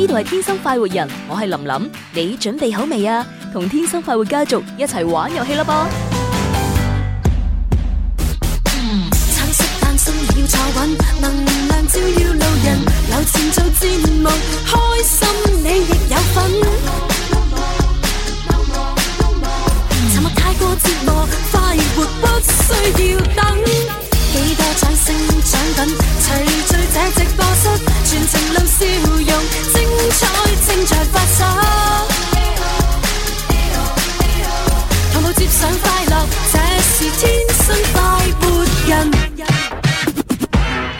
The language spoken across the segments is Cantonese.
呢度係天生快活人，我係琳琳，你準備好未啊？同天生快活家族一齊玩遊戲啦噃！橙色誕生要坐穩，能量照耀路人，流線做節目，開心你亦有份。沉默太過折磨，快活不需要等。幾多掌聲掌聲齊聚這直播室，全程露笑容，精彩正在發生。同步接上快樂，這是天生快活人。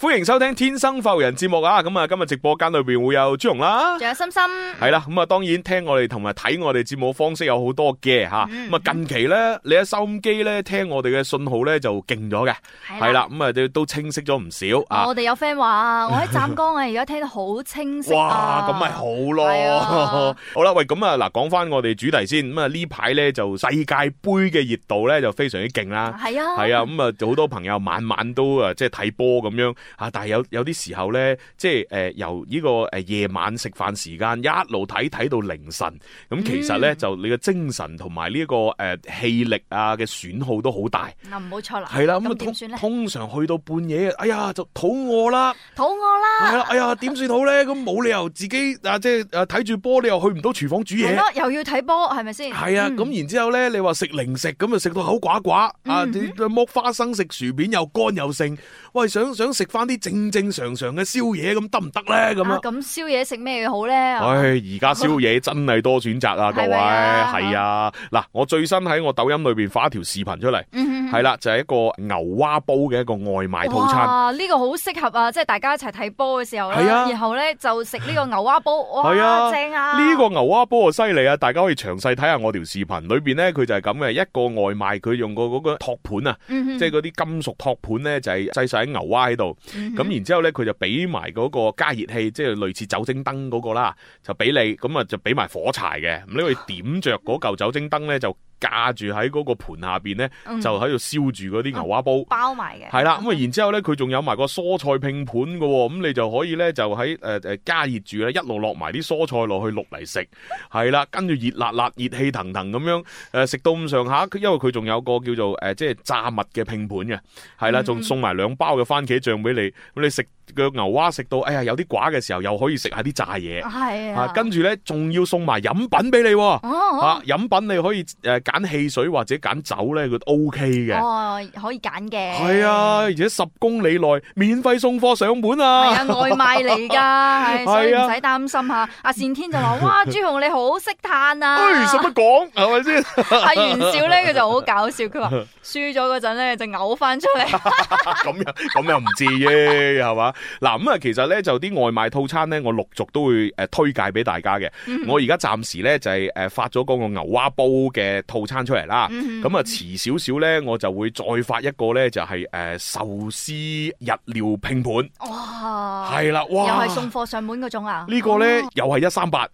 歡迎收聽天生浮人節目啊！咁啊，今日直播間裏邊會有朱紅啦，仲有心心係啦。咁啊，當然聽我哋同埋睇我哋節目方式有好多嘅吓。咁啊，近期咧，你喺收音機咧聽我哋嘅信號咧就勁咗嘅，係啦。咁啊、嗯，都清晰咗唔少啊。我哋有 friend 話我喺湛江啊，而家聽得好清晰哇，咁咪好咯。啊、好啦，喂，咁啊嗱，講翻我哋主題先。咁啊，呢排咧就世界盃嘅熱度咧就非常之勁、啊、啦。係、嗯、啊，係啊。咁啊，好多朋友晚晚都啊即係睇波咁樣。啊！但係有有啲時候咧，即係誒、呃，由呢個誒夜晚食飯時間一路睇睇到凌晨，咁、嗯、其實咧就你嘅精神同埋呢一個誒氣、呃、力啊嘅損耗都好大。啊、嗯，冇錯啦。係啦，咁啊通，通常去到半夜，哎呀就餓肚餓啦，肚餓啦。係啦，哎呀點算好咧？咁冇理由自己啊即係誒睇住波，你又去唔到廚房煮嘢。咯、嗯，又要睇波，係咪先？係啊，咁、嗯、然之後咧，你話食零食咁啊食到口寡寡啊，剝花生食薯片又乾又剩。又喂，想想食翻啲正正常常嘅宵夜咁得唔得咧？咁啊，咁宵夜食咩好咧？唉、哎，而家宵夜真係多選擇啊， 各位係啊！嗱、啊好，我最新喺我抖音裏邊發一條視頻出嚟，係啦、嗯哼，就係、是、一個牛蛙煲嘅一個外賣套餐。呢、這個好適合啊！即係大家一齊睇波嘅時候啦，啊、然後咧就食呢個牛蛙煲。係啊，正啊！呢個牛蛙煲啊犀利啊！大家可以詳細睇下我條視頻裏邊咧，佢就係咁嘅一個外賣，佢用過嗰個托盤啊，即係嗰啲金屬托盤咧，就係喺牛蛙喺度，咁、嗯、 然之後咧，佢就俾埋嗰個加熱器，即、就、係、是、類似酒精燈嗰、那個啦，就俾你，咁啊就俾埋火柴嘅，咁你去點著嗰嚿酒精燈咧就。架住喺嗰個盤下邊咧，就喺度燒住嗰啲牛蛙煲，包埋嘅係啦。咁啊，然之後咧，佢仲有埋個蔬菜拼盤嘅，咁你就可以咧就喺誒誒加熱住咧，一路落埋啲蔬菜落去淥嚟食，係啦，跟住熱辣辣、熱氣騰騰咁樣誒，食到咁上下。因為佢仲有個叫做誒，即係炸物嘅拼盤嘅，係啦，仲送埋兩包嘅番茄醬俾你，咁你食，個牛蛙食到，哎呀，有啲寡嘅時候，又可以食下啲炸嘢，係啊，跟住咧，仲要送埋飲品俾你，哦，吓飲品你可以誒揀汽水或者揀酒咧，佢都 OK 嘅，哦，可以揀嘅，係啊，而且十公里內免費送貨上門啊，係啊，外賣嚟噶，係，所以唔使擔心吓？阿善天就話，哇，朱紅你好識嘆啊，哎，使乜講，係咪先？阿袁少咧，佢就好搞笑，佢話。輸咗嗰陣咧，就嘔翻出嚟。咁 又咁又唔至於，係嘛？ 嗱咁啊，其實咧就啲外賣套餐咧，我陸續都會誒推介俾大家嘅。嗯、哼我而家暫時咧就係、是、誒發咗嗰個牛蛙煲嘅套餐出嚟啦。咁啊、嗯哼，遲少少咧，點點我就會再發一個咧、就是，就係誒壽司日料拼盤。哇！係啦，哇！又係送貨上門嗰種啊？啊個呢個咧又係一三八，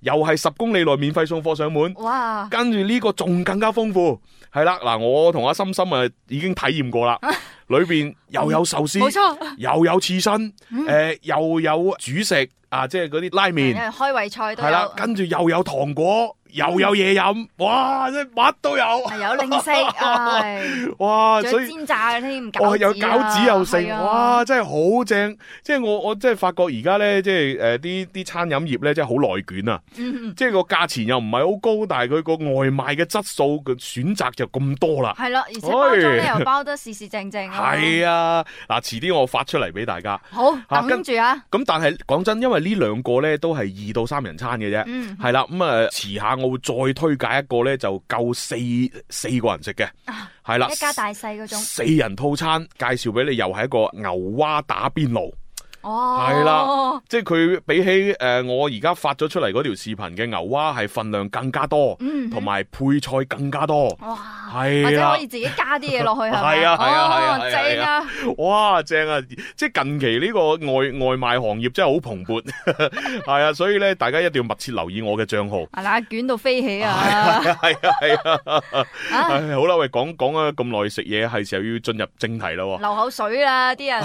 又係十公里內免費送貨上門。哇！哇跟住呢個仲更加豐富。係啦，嗱，我同阿心心啊，已經體驗過啦，裏邊又有壽司，冇錯、 嗯，又有刺身，誒、嗯呃，又有主食啊，即係嗰啲拉麵，嗯、開胃菜都有，跟住又有糖果。又有嘢飲、哎哎啊，哇！即係乜都有，有零食啊，係哇！仲有煎炸嗰啲，哦，有餃子又食、啊嗯，哇！真係好正！即係我我即係發覺而家咧，即係誒啲啲餐飲業咧，真係好內卷啊！即係個價錢又唔係好高，但係佢個外賣嘅質素嘅選擇就咁多啦。係啦、啊，而且包餐又包得時時正正。係啊，嗱，遲啲我發出嚟俾大家。好、啊，跟住啊。咁但係講真，因為呢兩個咧都係二到三人餐嘅啫。嗯，係啦，咁啊遲下再推介一個呢，就夠四四個人食嘅，係啦、啊，的一家大細嗰種四人套餐，介紹俾你，又係一個牛蛙打邊爐。哦，係啦，即係佢比起誒我而家發咗出嚟嗰條視頻嘅牛蛙係份量更加多，同埋配菜更加多。哇，係啦，可以自己加啲嘢落去係嘛，哦，正啊！哇，正啊！即係近期呢個外外賣行業真係好蓬勃，係啊，所以咧大家一定要密切留意我嘅賬號。係啦，捲到飛起啊！係啊，係啊，係啊，係好啦，喂，講講咗咁耐食嘢，係時候要進入正題啦。流口水啦，啲人。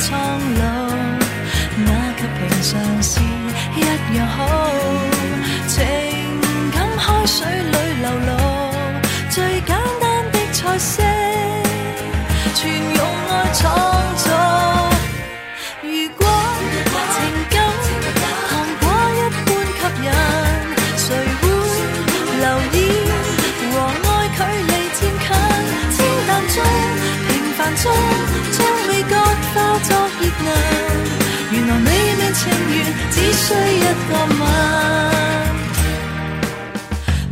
蒼老。原來美美情緣只需一個吻，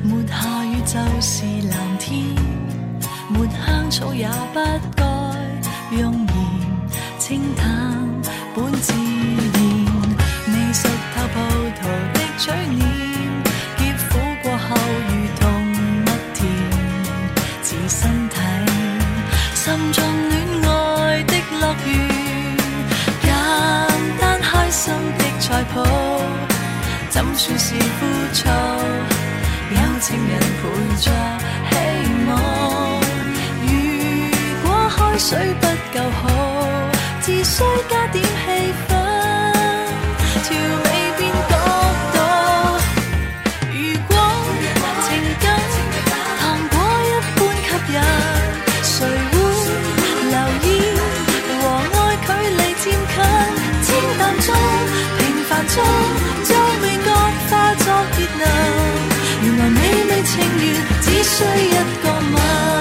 沒下雨就是藍天，沒香草也不。怎算是枯燥？有情人陪着希望。如果海水不夠好，只需加點氣氛，調味便覺到。如果情感糖果一般吸引，誰會留意和愛距離漸近？清淡中，平凡中。只需一個吻。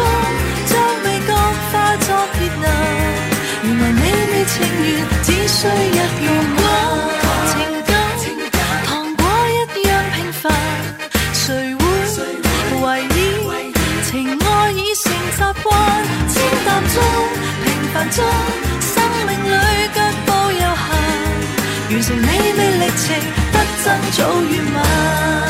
將味覺化作熱能，原來你未情願，只需一如果。情感，情糖果一樣平凡，誰會為你？情愛已成習慣，清淡中，平凡中，生命裏腳步有限。完成你未歷程，不爭早與晚。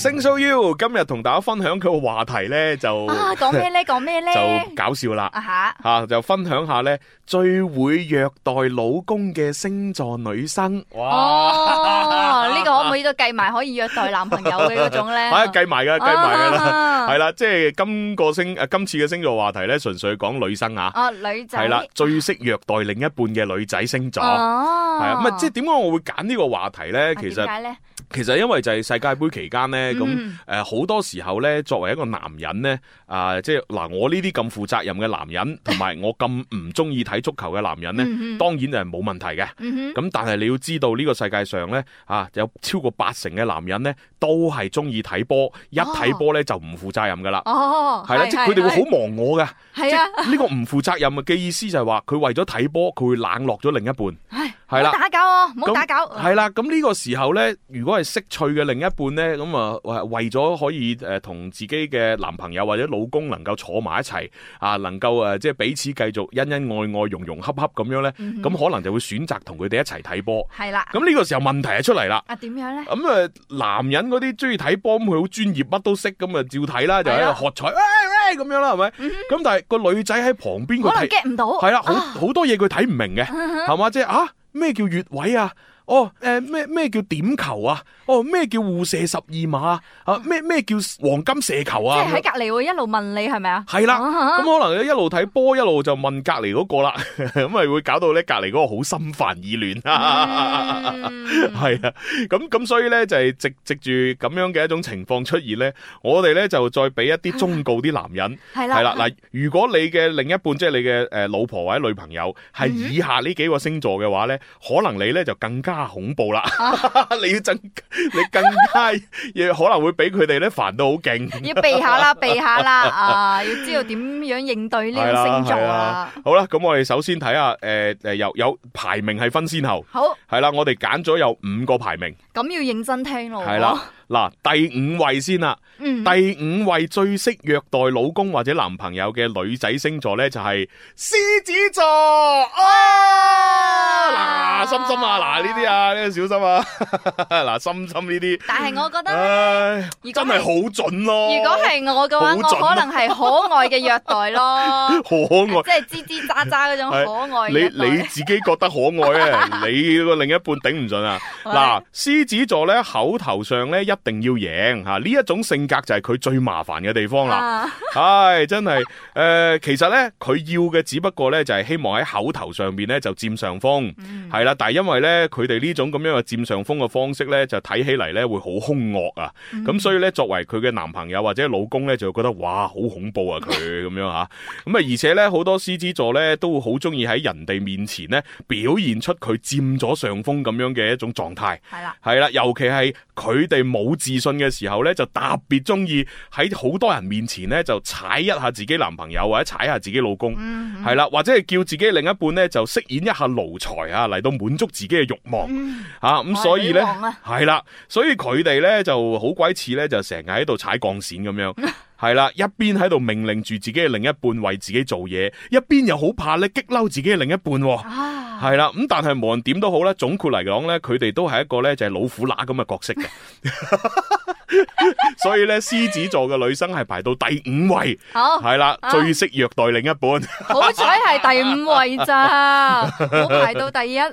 星 show you 今日同大家分享佢個話題咧，就啊講咩咧？講咩咧？就搞笑啦吓吓，就分享下咧最會虐待老公嘅星座女生。哇哦，呢個可唔可以都計埋？可以虐待男朋友嘅嗰種咧？係計埋噶，計埋噶啦，係啦，即係今個星，誒，今次嘅星座話題咧純粹講女生啊。哦，女仔係啦，最識虐待另一半嘅女仔星座。哦係啊，咁啊即係點解我會揀呢個話題咧，其實？其實因為就係世界杯期間咧，咁誒好多時候咧，作為一個男人咧，啊、呃、即係嗱、呃，我呢啲咁負責任嘅男人，同埋我咁唔中意睇足球嘅男人咧， 當然就係冇問題嘅。咁 但係你要知道呢、這個世界上咧，啊有超過八成嘅男人咧。都係中意睇波，一睇波咧就唔負責任噶啦，係啦，即係佢哋會好忘我嘅，即係呢個唔負責任嘅意思就係話，佢為咗睇波，佢會冷落咗另一半，係啦，唔好打攪，唔好打攪，係啦，咁呢個時候咧，如果係識趣嘅另一半咧，咁啊，為為咗可以誒同自己嘅男朋友或者老公能夠坐埋一齊啊，能夠誒即係彼此繼續恩恩愛愛、融融洽洽咁樣咧，咁可能就會選擇同佢哋一齊睇波，係啦，咁呢個時候問題就出嚟啦，啊，點樣咧？咁誒，男人。嗰啲中意睇波佢好專業乜都識咁啊照睇啦，就喺、是、度喝彩喂喂咁樣啦，係咪？咁、嗯嗯、但係、個女仔喺旁邊佢睇唔到，係啦，好好多嘢佢睇唔明嘅，係嘛？即係啊，咩、嗯哼啊、叫越位啊？哦，誒咩咩叫點球啊？哦，咩叫互射十二碼啊？咩、啊、咩叫黃金射球啊？即係喺隔籬會一路問你係咪啊？係啦，咁了、嗯、哼可能一路睇波一路就問隔籬嗰個啦，咁 咪會搞到咧隔籬嗰個好心煩意亂、嗯、 啊？係啊，咁咁所以咧就係、是、藉藉住咁樣嘅一種情況出現咧，我哋咧就再俾一啲忠告啲男人係啦，係啦嗱，了嗯、哼如果你嘅另一半即係、就是、你嘅誒老婆或者女朋友係以下呢幾個星座嘅話咧，可能你咧就更加。啊、恐怖啦！你要增你更加，亦 可能會俾佢哋咧煩到好勁。要避下啦，避下啦 啊！要知道點樣應對呢個星座啊。啊啊好啦，咁我哋首先睇下，誒、呃、誒，有有，有排名係分先後。好係啦、啊，我哋揀咗有五個排名。咁要認真聽咯。係啦、啊.。 嗱，第五位先啦，啊，嗯、第五位最識虐待老公或者男朋友嘅女仔星座呢就係、是、獅子座啊！嗱，心心啊，嗱呢啲啊，呢個小心啊，嗱，心心呢啲。但係我覺得真係好準咯。哎，如果係、啊、我嘅話，啊、我可能係可愛嘅虐待咯，啊， 可愛， 即係吱吱喳喳嗰種可愛嘅虐待。你你自己覺得可愛啊？你個另一半頂唔順啊？嗱，獅子座呢，口頭上呢。一,一呢。一定要贏吓呢一種性格就係佢最麻煩嘅地方啦，唉、啊哎、真係誒、呃，其實咧佢要嘅只不過咧就係、是、希望喺口頭上面咧就占上風，係啦、嗯，但係因為咧佢哋呢呢種咁樣嘅占上風嘅方式咧就睇起嚟咧會好凶惡啊，咁、嗯、所以咧作為佢嘅男朋友或者老公咧就覺得哇好恐怖啊，佢咁樣吓、啊，咁啊而且咧好多獅子座咧都會好中意喺人哋面前咧表現出佢佔咗上風咁樣嘅一種狀態，係啦，係啦，尤其係佢哋冇。好自信嘅時候呢，就特別中意喺好多人面前呢，就踩一下自己男朋友或者踩下自己老公，係啦、嗯，或者係叫自己另一半呢，就飾演一下奴才啊，嚟到滿足自己嘅慾望、嗯、啊、咁、嗯、所以呢，係啦，所以佢哋呢，就好鬼似呢，就成日喺度踩鋼線咁樣。 係啦，一邊喺度命令住自己嘅另一半為自己做嘢，一邊又好怕咧激嬲自己嘅另一半。係啦，咁但係無論點都好咧，總括嚟講咧，佢哋都係一個咧就係老虎乸咁嘅角色嘅。所以咧，獅子座嘅女生係排到第五位。好係啦，最識虐待另一半。好彩係第五位咋，冇排到第一啊。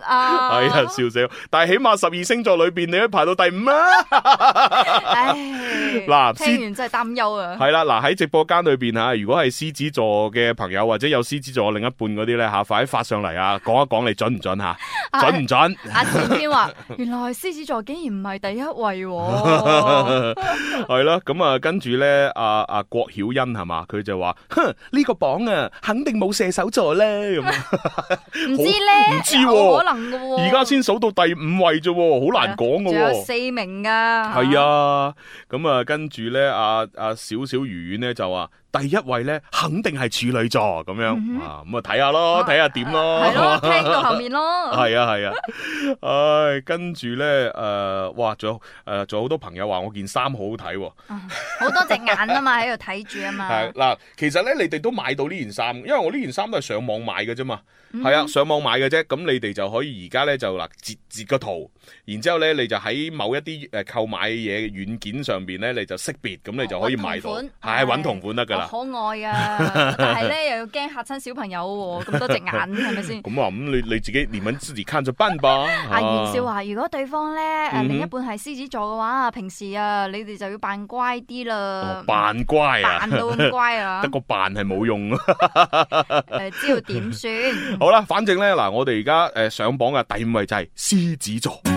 係啊，笑笑。但係起碼十二星座裏邊，你都排到第五啊。唉，嗱，聽完真係擔憂啊。係啦。嗱，喺直播間裏邊吓，如果係獅子座嘅朋友或者有獅子座另一半嗰啲咧吓，快發上嚟啊，講一講你準唔準吓，準唔準？阿錢天話，原來獅子座竟然唔係第一位，係啦，咁啊，跟住咧，阿阿郭曉欣係嘛，佢就話，哼，呢個榜啊，肯定冇射手座咧，咁唔知咧，唔知可能嘅，而家先數到第五位啫，好難講嘅，仲有四名噶，係啊，咁啊，跟住咧，阿阿少少。魚員咧就話。第一位咧，肯定係處女座咁樣、嗯、哼啊，咁啊睇下咯，睇、啊、下點咯、啊、咯，聽到後面咯，係啊係啊，唉、啊哎，跟住咧誒，哇，仲有誒，仲、呃、有好多朋友話我件衫好好睇、啊，好、嗯、多隻眼啊 嘛，喺度睇住啊嘛，嗱，其實咧你哋都買到呢件衫，因為我呢件衫都係上網買嘅啫嘛，係、嗯、哼啊，上網買嘅啫，咁你哋就可以而家咧就嗱截截個圖，然之後咧你就喺某一啲誒購買嘢嘅軟件上邊咧，你就識別，咁你就可以買到，係揾同款得噶。哦、可愛啊， 但係咧又要驚嚇親小朋友喎，咁多隻眼係咪先？咁啊，咁你你自己你們自己看着辦吧。阿元、 啊、少華：如果對方咧誒、嗯、哼另一半係獅子座嘅話，平時啊你哋就要扮乖啲啦。扮、哦、乖啊！扮到咁乖啊！得個扮係冇用。誒、 呃，知道點算？ 好啦，反正咧嗱，我哋而家誒上榜嘅第五位就係獅子座。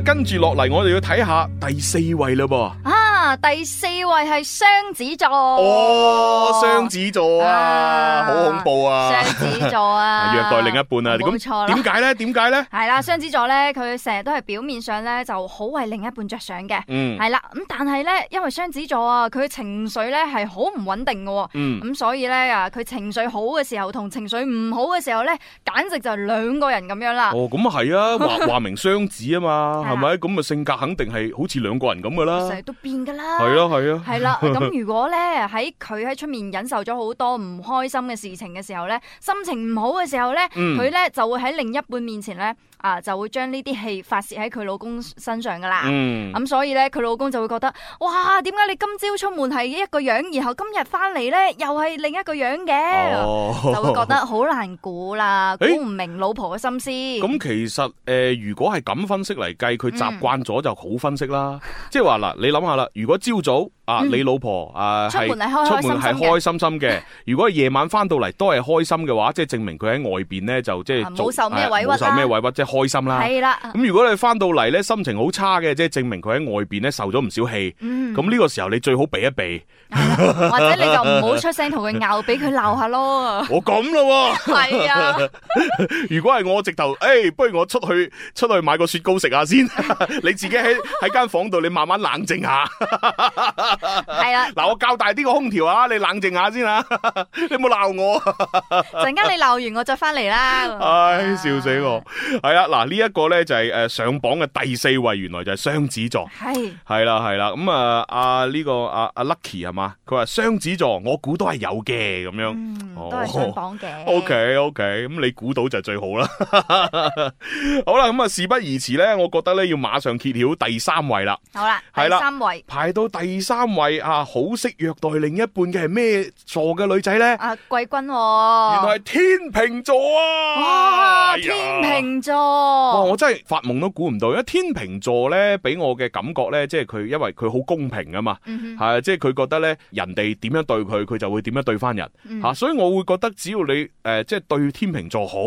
跟住落嚟，我哋要睇下第四位嘞噃。啊，第四。喂，係雙子座哦，雙子座啊，好恐怖啊，雙子座啊，虐待另一半啊，冇錯啦，點解咧？點解咧？係啦，雙子座咧，佢成日都係表面上咧就好為另一半着想嘅，嗯，係啦，咁但係咧，因為雙子座啊，佢情緒咧係好唔穩定嘅，嗯，咁所以咧啊，佢情緒好嘅時候同情緒唔好嘅時候咧，簡直就係兩個人咁樣啦。哦，咁啊係啊，話話明雙子啊嘛，係咪？咁啊性格肯定係好似兩個人咁噶啦，成日都變噶啦，係啊係啊。係啦，咁 如果咧喺佢喺出面忍受咗好多唔開心嘅事情嘅時候咧，心情唔好嘅時候咧，佢咧、嗯、就會喺另一半面前咧。啊，就會將呢啲氣發泄喺佢老公身上噶啦。咁、嗯啊、所以咧，佢老公就會覺得，哇，點解你今朝出門係一個樣，然後今日翻嚟咧，又係另一個樣嘅？哦、就會覺得好難估啦，估唔、哎、明老婆嘅心思。咁其實誒，如果係咁分析嚟計，佢習慣咗就好分析啦。即係話嗱，你諗下啦，如果朝早啊，你老婆啊，出門係開開心心嘅， 如果夜晚翻到嚟都係開心嘅話，即係證明佢喺外邊咧就即係冇受咩委屈、啊啊、冇受咩委屈即開心啦，係啦。咁如果你翻到嚟咧，心情好差嘅，即係證明佢喺外邊咧受咗唔少氣。咁呢、嗯、個時候你最好避一避，或者你就唔好出聲同佢拗，俾佢鬧下咯。我咁咯，係啊。 如果係我直頭，誒、哎，不如我出去出去買個雪糕食下先。 你自己喺喺間房度，你慢慢冷靜下。係啊。嗱，我較大啲個空調啊，你冷靜下先啊。你唔好鬧我。陣 間你鬧完我，我再翻嚟啦。 唉，笑死我。係啊。嗱，呢一個咧就係誒上榜嘅第四位，原來就係雙子座，係係啦係啦，咁啊阿呢個阿阿 Lucky 係嘛，佢話雙子座，我估都係有嘅咁樣，都係上榜嘅。OK OK，咁你估到就最好啦。好啦，咁啊事不宜遲咧，我覺得咧要馬上揭曉第三位啦。好啦，係啦，第三位排到第三位啊，好識虐待另一半嘅係咩座嘅女仔咧？啊，季軍，原來係天秤座啊，天秤座。哦，哇、我真係發夢都估唔到，因為天秤座咧，俾我嘅感覺咧、嗯哼啊，即係佢因為佢好公平啊嘛，係即係佢覺得咧，人哋點樣對佢，佢就會點樣對翻人吓、嗯啊，所以我會覺得只要你誒、呃，即係對天秤座好，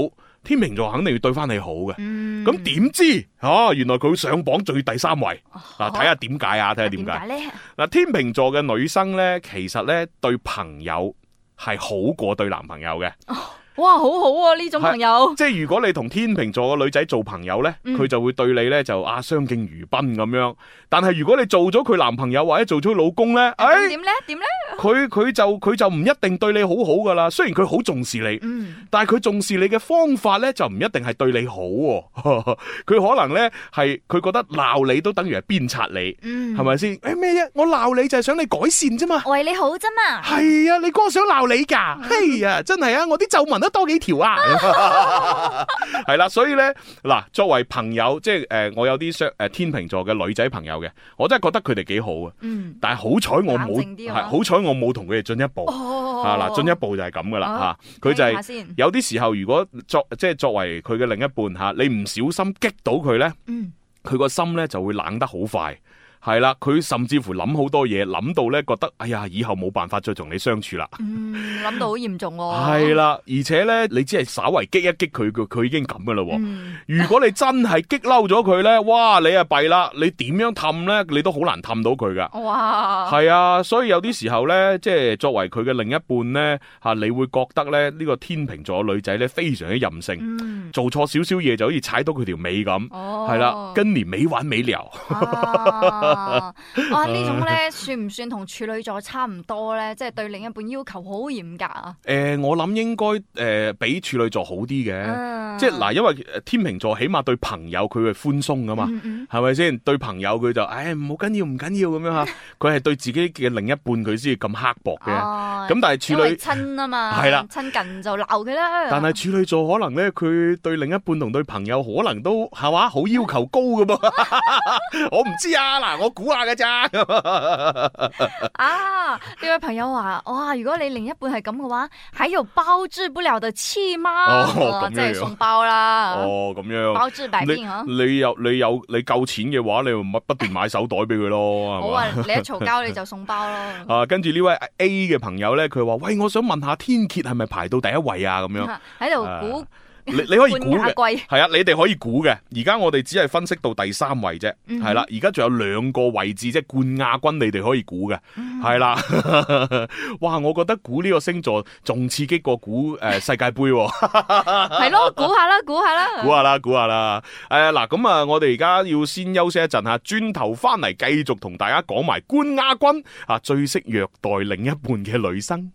天秤座肯定要對翻你好嘅。咁點、嗯、知吓、啊，原來佢上榜最第三位嗱，睇下點解啊，睇下點解嗱，啊、天秤座嘅女生咧，其實咧對朋友係好過對男朋友嘅。哦哇，好好啊！呢種朋友，即係如果你同天秤座嘅女仔做朋友咧，佢就會對你咧就啊相敬如賓咁樣。但係如果你做咗佢男朋友或者做咗佢老公咧，誒點咧？點咧？佢佢就佢就唔一定對你好好噶啦。雖然佢好重視你，嗯，但係佢重視你嘅方法咧就唔一定係對你好。佢可能咧係佢覺得鬧你都等於係鞭策你，係咪先？誒咩啫？我鬧你就係想你改善啫嘛，為你好啫嘛。係啊，你哥想鬧你噶，嘿呀，真係啊，我啲皺紋。得多幾條啊，係啦，所以咧嗱，作為朋友，即係誒、呃，我有啲誒天秤座嘅女仔朋友嘅，我真係覺得佢哋幾好、嗯、好啊。嗯，但係好彩我冇，係好彩我冇同佢哋進一步。哦，嗱、啊，進一步就係咁噶啦吓，佢、啊、就係、是、有啲時候，如果作即係作為佢嘅另一半吓、啊，你唔小心激到佢咧，嗯，佢個心咧就會冷得好快。係啦，佢甚至乎諗好多嘢，諗到咧覺得，哎呀，以後冇辦法再同你相處啦。嗯，諗到好嚴重喎、哦。係啦，而且咧，你只係稍為激一激佢，佢已經咁噶啦。嗯，如果你真係激嬲咗佢咧，哇，你啊弊啦，你點樣氹咧，你都好難氹到佢噶。哇！係啊，所以有啲時候咧，即係作為佢嘅另一半咧，吓、啊、你會覺得咧呢、這個天秤座女仔咧非常之任性，嗯、做錯少少嘢就可以踩到佢條尾咁。哦，係啦，今年美玩美聊。啊 啊！哇、啊，種呢種咧算唔算同處女座差唔多咧？即係對另一半要求好嚴格啊！誒、呃，我諗應該誒、呃、比處女座好啲嘅，啊、即係嗱、啊，因為天秤座起碼對朋友佢係寬鬆噶嘛，係咪先？對朋友佢就誒唔好緊要，唔緊要咁樣啊！佢係對自己嘅另一半佢先至咁刻薄嘅，咁、啊、但係處女親啊嘛，係啦了，親近就鬧佢啦。但係處女座可能咧，佢對另一半同對朋友可能都係話好要求高噶噃， 我唔知啊嗱。我估下㗎咋？ 啊，呢位朋友話：哇，如果你另一半係咁嘅話，喺度包治不了的氣媽，即係送包啦。哦，咁樣包治百病嗬。你有你有你夠錢嘅話，你咪不，不斷買手袋俾佢咯。啊、吧我話、啊、你一嘈交你就送包咯。 啊，跟住呢位 A 嘅朋友咧，佢話：喂，我想問下天蠍係咪排到第一位啊？咁樣喺度估。啊。你你可以估下，貴，係啊，你哋可以估嘅。而家我哋只係分析到第三位啫，係啦、嗯。而家仲有兩個位置啫，冠亞軍你哋可以估嘅，係啦、嗯。是的 哇，我覺得估呢個星座仲刺激過估誒、呃、世界杯、啊。係 咯， 估下啦，估下啦，估下啦，估下啦。誒、呃，嗱，咁啊，我哋而家要先休息一陣吓，轉頭翻嚟繼續同大家講埋冠亞軍啊，最識虐待另一半嘅女生。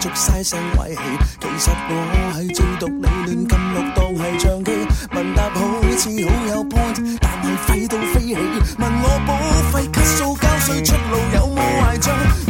逐曬聲鬼氣，其實我係最毒理論，甘六當係唱機，問答好似好有 point，但係廢到飛起。問我保費級數交稅出路有冇壞帳？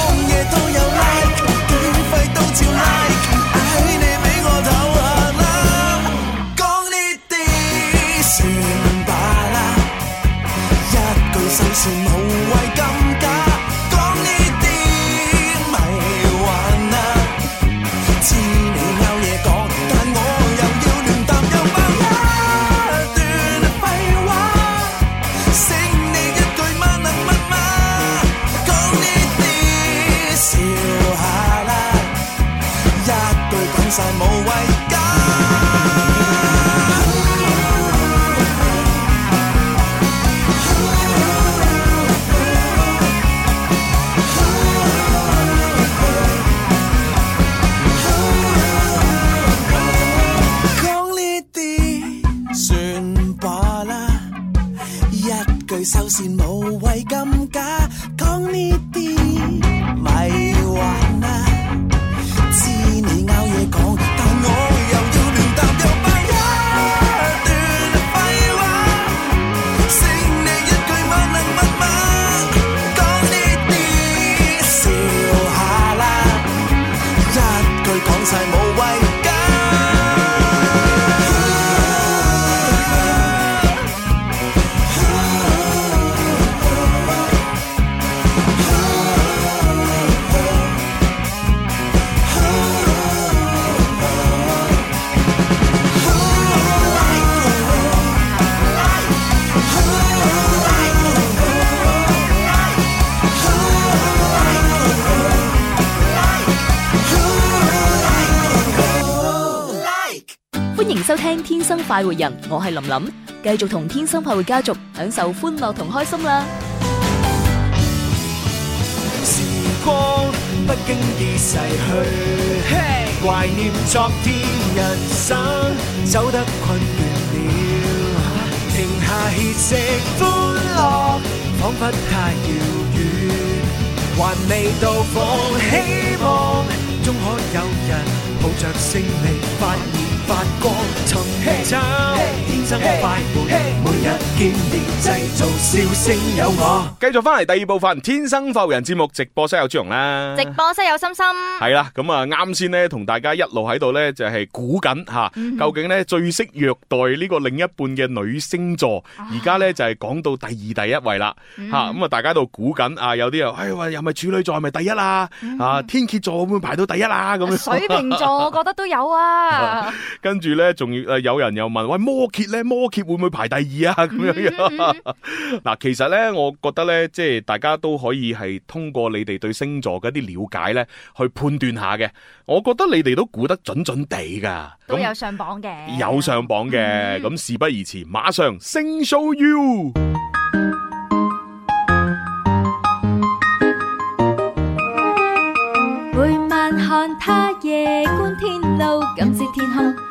天生快活人，我係林林，繼續同天生快活家族享受歡樂同開心啦。時光不經意逝去，懷念昨天，人生走得困倦了，停下歇息，歡樂仿佛太遙遠，還未到訪希望，終可有人抱着勝利發現。發過春秋，天生快活，每日見面製造笑聲有我。繼續翻嚟第二部分，天生發人節目直播室有朱容啦，直播室有心心。係啦，咁啊啱先咧，同大家一路喺度咧就係估緊吓，究竟咧最識虐待呢個另一半嘅女星座，而家咧就係講到第二第一位啦吓，咁啊大家度估緊啊，有啲又哎呀，又咪處女座咪第一啦，啊天蠍座會唔會排到第一啦咁？水瓶座我覺得都有啊。跟住呢，仲要有人又問：喂，摩羯呢？摩羯會唔會排第二啊？咁樣嗱、mm，hmm. 其實呢，我覺得呢，即係大家都可以係通過你哋對星座嘅一啲了解呢去判斷下嘅。我覺得你哋都估得準準哋㗎，都有上榜嘅，有上榜嘅。咁、mm hmm. 事不宜遲，馬上星 show you。每晚看他夜觀天路，感知天空。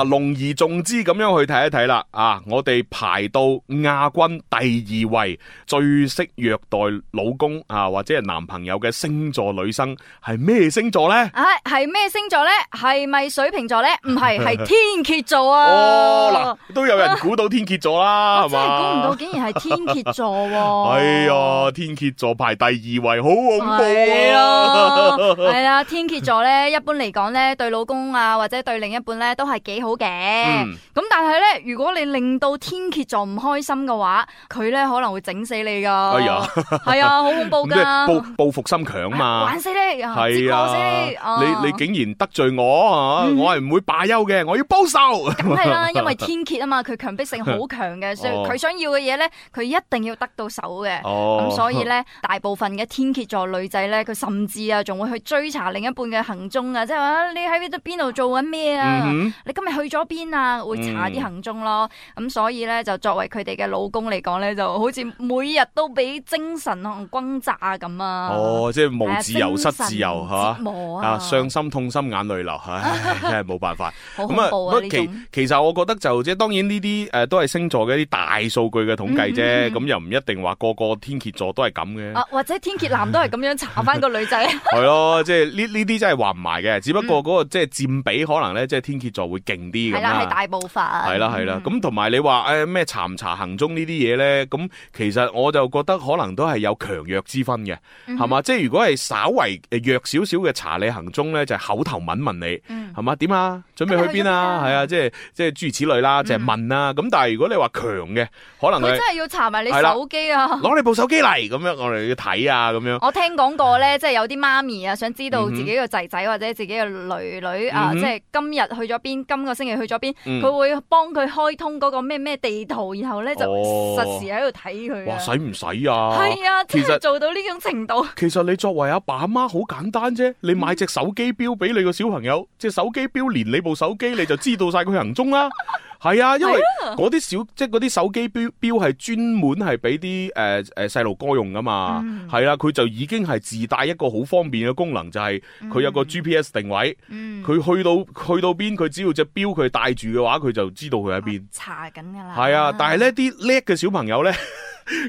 啊，隆而重之咁樣去睇一睇啦！啊，我哋排到亞軍第二位，最識虐待老公啊，或者係男朋友嘅星座女生係咩星座呢？唉、啊，係咩星座呢？係咪水瓶座呢？唔係，係 天蠍座啊、哦、啊！都有人估到天蠍座啦，啊、吧真係估唔到，竟然係天蠍座喎、啊！ 哎呀，天蠍座排第二位，好恐怖！係啊， 哎、天蠍座呢，一般嚟講呢，對老公啊，或者對另一半呢，都係幾好。好嘅，咁、嗯、但係咧，如果你令到天蠍座唔開心嘅話，佢咧可能會整死你噶，係、哎、呦啊，好恐怖噶， 報報復心強啊嘛、哎，玩死你，係啊，你啊你，你竟然得罪我，嗯、我係唔會罷休嘅，我要報仇。梗係啦，因為天蠍啊嘛，佢強迫性好強嘅， 哦、所以佢想要嘅嘢咧，佢一定要得到手嘅。咁、哦嗯、所以咧，大部分嘅天蠍座女仔咧，佢甚至啊，仲會去追查另一半嘅行蹤啊，即係話你喺邊度做緊咩啊？嗯、哼你今日。去咗邊啊？會查啲行蹤咯，咁、嗯嗯、所以咧就作為佢哋嘅老公嚟講咧，就好似每日都俾精神轟轟炸咁啊！哦，即係冇自由、失自由，係嘛？啊，傷、啊啊、心、痛心、眼淚流，唉，真係冇辦法。咁啊，其、嗯、其實我覺得就即係當然呢啲誒都係星座嘅一啲大數據嘅統計啫，咁又唔一定話個個天蠍座都係咁嘅。或者天蠍男都係咁樣查翻個女仔。係咯、 哦，即係呢呢啲真係話唔埋嘅，只不過嗰個即係佔比可能咧，即係天蠍座會勁。係啦，係大部分。係啦，係啦。咁同埋你話誒咩？欸、查查行蹤呢啲嘢咧，咁其實我就覺得可能都係有強弱之分嘅，係嘛、嗯哼？即係如果係稍為弱少少嘅查你行蹤咧，就係、口頭問問你，係嘛、嗯？點啊？準備去邊啊？係啊，即係即係諸如此類啦、啊，嗯、哼就係問啦、啊。咁但係如果你話強嘅，可能佢真係要查埋你手機啊，攞你部手機嚟，咁樣我哋要睇啊，咁樣。我聽講過咧，即係有啲媽咪啊，想知道自己個仔仔或者自己嘅女、嗯、哼己女啊，即係今日去咗邊，今個星期去咗邊？佢、嗯、會幫佢開通嗰個咩咩地圖，然後咧、哦、就實時喺度睇佢。哇！使唔使啊？係啊，真係實做到呢種程度。其實你作為阿爸阿媽好簡單啫，你買隻手機表俾你個小朋友，隻、嗯、手機表連你部手機，你就知道晒佢行蹤啦、啊。 係啊，因為嗰啲小即係啲手機表表係專門係俾啲誒誒細路哥用噶嘛，係、嗯、啊，佢就已經係自帶一個好方便嘅功能，就係、是、佢有個 GPS 定位，佢、嗯、去到去到邊，佢只要隻表佢帶住嘅話，佢就知道佢喺邊。查緊噶啦。係啊，但係呢啲叻嘅小朋友呢。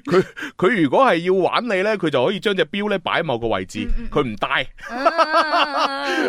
佢佢如果係要玩你咧，佢就可以將隻表咧擺喺某個位置，佢唔戴，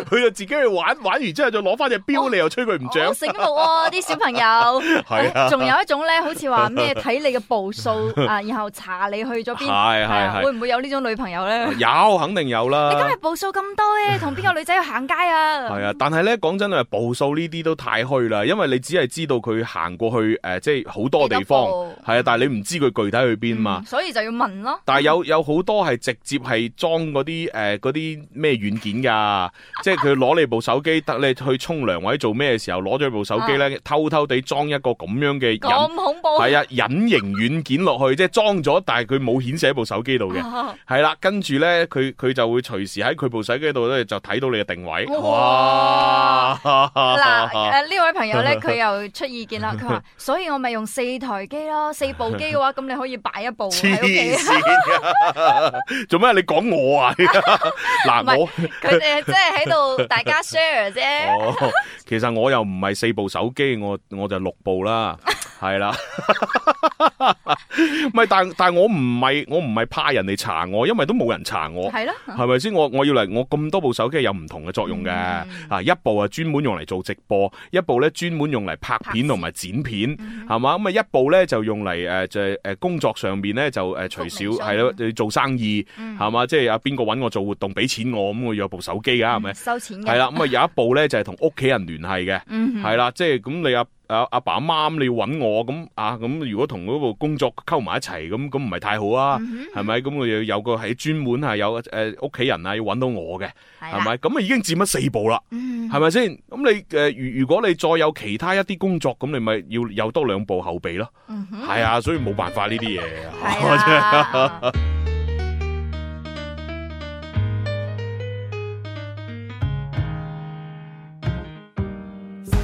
佢就自己去玩，玩完之後就攞翻隻表，你又吹佢唔着，醒目哦！啲小朋友係啊，仲有一種咧，好似話咩睇你嘅步數啊，然後查你去咗邊，係係會唔會有呢種女朋友咧？有肯定有啦！你今日步數咁多嘅，同邊個女仔去行街啊？係啊，但係咧講真啊，步數呢啲都太虛啦，因為你只係知道佢行過去誒，即係好多地方係啊，但係你唔知佢具體去。嗯、所以就要問咯。但係有有好多係直接係裝嗰啲誒啲咩軟件㗎，即係佢攞你部手機，得 你去沖涼或者做咩嘅時候，攞咗部手機咧，啊、偷偷地裝一個咁樣嘅隱，咁恐怖？係啊隱形軟件落去，即係裝咗，但係佢冇顯示喺部手機度嘅，係啦、啊啊，跟住咧佢佢就會隨時喺佢部手機度咧就睇到你嘅定位。哇！嗱，誒呢位朋友咧，佢又出意見啦，佢話：所以我咪用四台機咯，四部機嘅話，咁 你可以白。買一部黐線，啊， 做咩？你講我啊？嗱、 啊，我佢哋即係喺度大家 share 啫、哦。其實我又唔係四部手機，我我就六部啦。 係啦，咪但但係我唔係我唔係怕人哋查我，因為都冇人查我，係咯，係咪先？我我要嚟我咁多部手機有唔同嘅作用嘅，啊一部啊專門用嚟做直播，一部咧專門用嚟拍片同埋剪片，係嘛？咁啊一部咧就用嚟誒就係誒工作上面咧就誒除少係咯，你做生意係嘛？即係有邊個搵我做活動俾錢我咁我有部手機噶係咪？收錢嘅係啦，咁啊有一部咧就係同屋企人聯繫嘅，係啦，即係咁你啊。阿阿、啊、爸阿媽，你要搵我，咁啊咁、啊、如果同嗰部工作溝埋一齊，咁咁唔係太好啊，係咪？咁我要有個喺專門係有誒屋企人啊要搵到我嘅，係咪？咁啊已經佔咗四部啦係咪先？咁你誒如、呃、如果你再有其他一啲工作咁你咪要有多兩部後備咯，係、嗯、哼啊所以冇辦法呢啲嘢。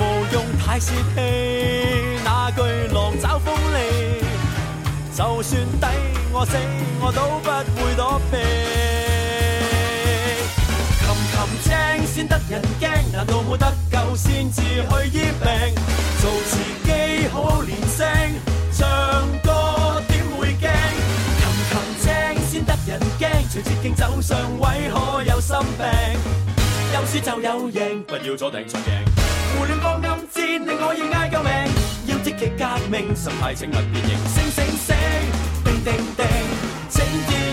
無用太泄氣，那句狼找鋒利，就算抵我死，我都不會躲避。擒擒青先得人驚，難道冇得救先至去醫病？做自己好練聲，唱歌點會驚？擒擒青先得人驚，隨捷徑走上位可有心病？有輸就有贏，不要坐定輸贏。胡亂放暗箭，令我要嗌救命。要積極革命，心態請勿變形。醒醒醒，定定定，請定。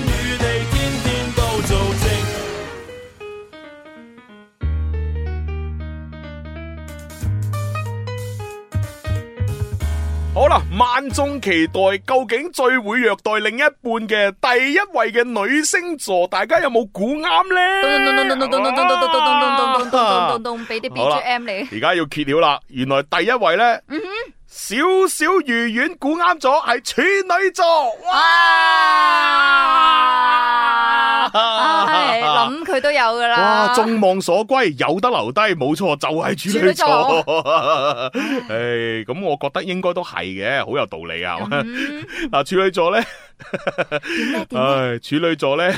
萬眾期待，究竟最會虐待另一半嘅第一位嘅女星座，大家有冇估啱呢？俾啲 BGM 你啦。而家 要揭曉啦，原來第一位呢，嗯、哼小小魚丸估啱咗，係處女座。哇啊啊，係，諗佢都有噶啦！哇，眾望所歸，有得留低，冇錯就係、是、處女座。誒，咁、 哎、我覺得應該都係嘅，好有道理啊！嗱、嗯， 處女座咧。唉、 哎，處女座咧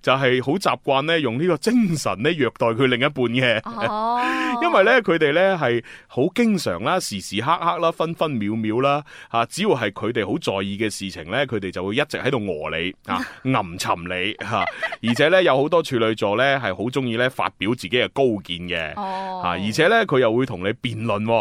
就係好習慣咧用呢個精神咧虐待佢另一半嘅哦， 因為咧佢哋咧係好經常啦、時時刻刻啦、分分秒秒啦，吓、啊、只要係佢哋好在意嘅事情咧，佢哋就會一直喺度哦你啊、吟尋你吓、啊，而且咧有好多處女座咧係好中意咧發表自己嘅高見嘅、啊、哦，吓，而且咧佢又會同你辯論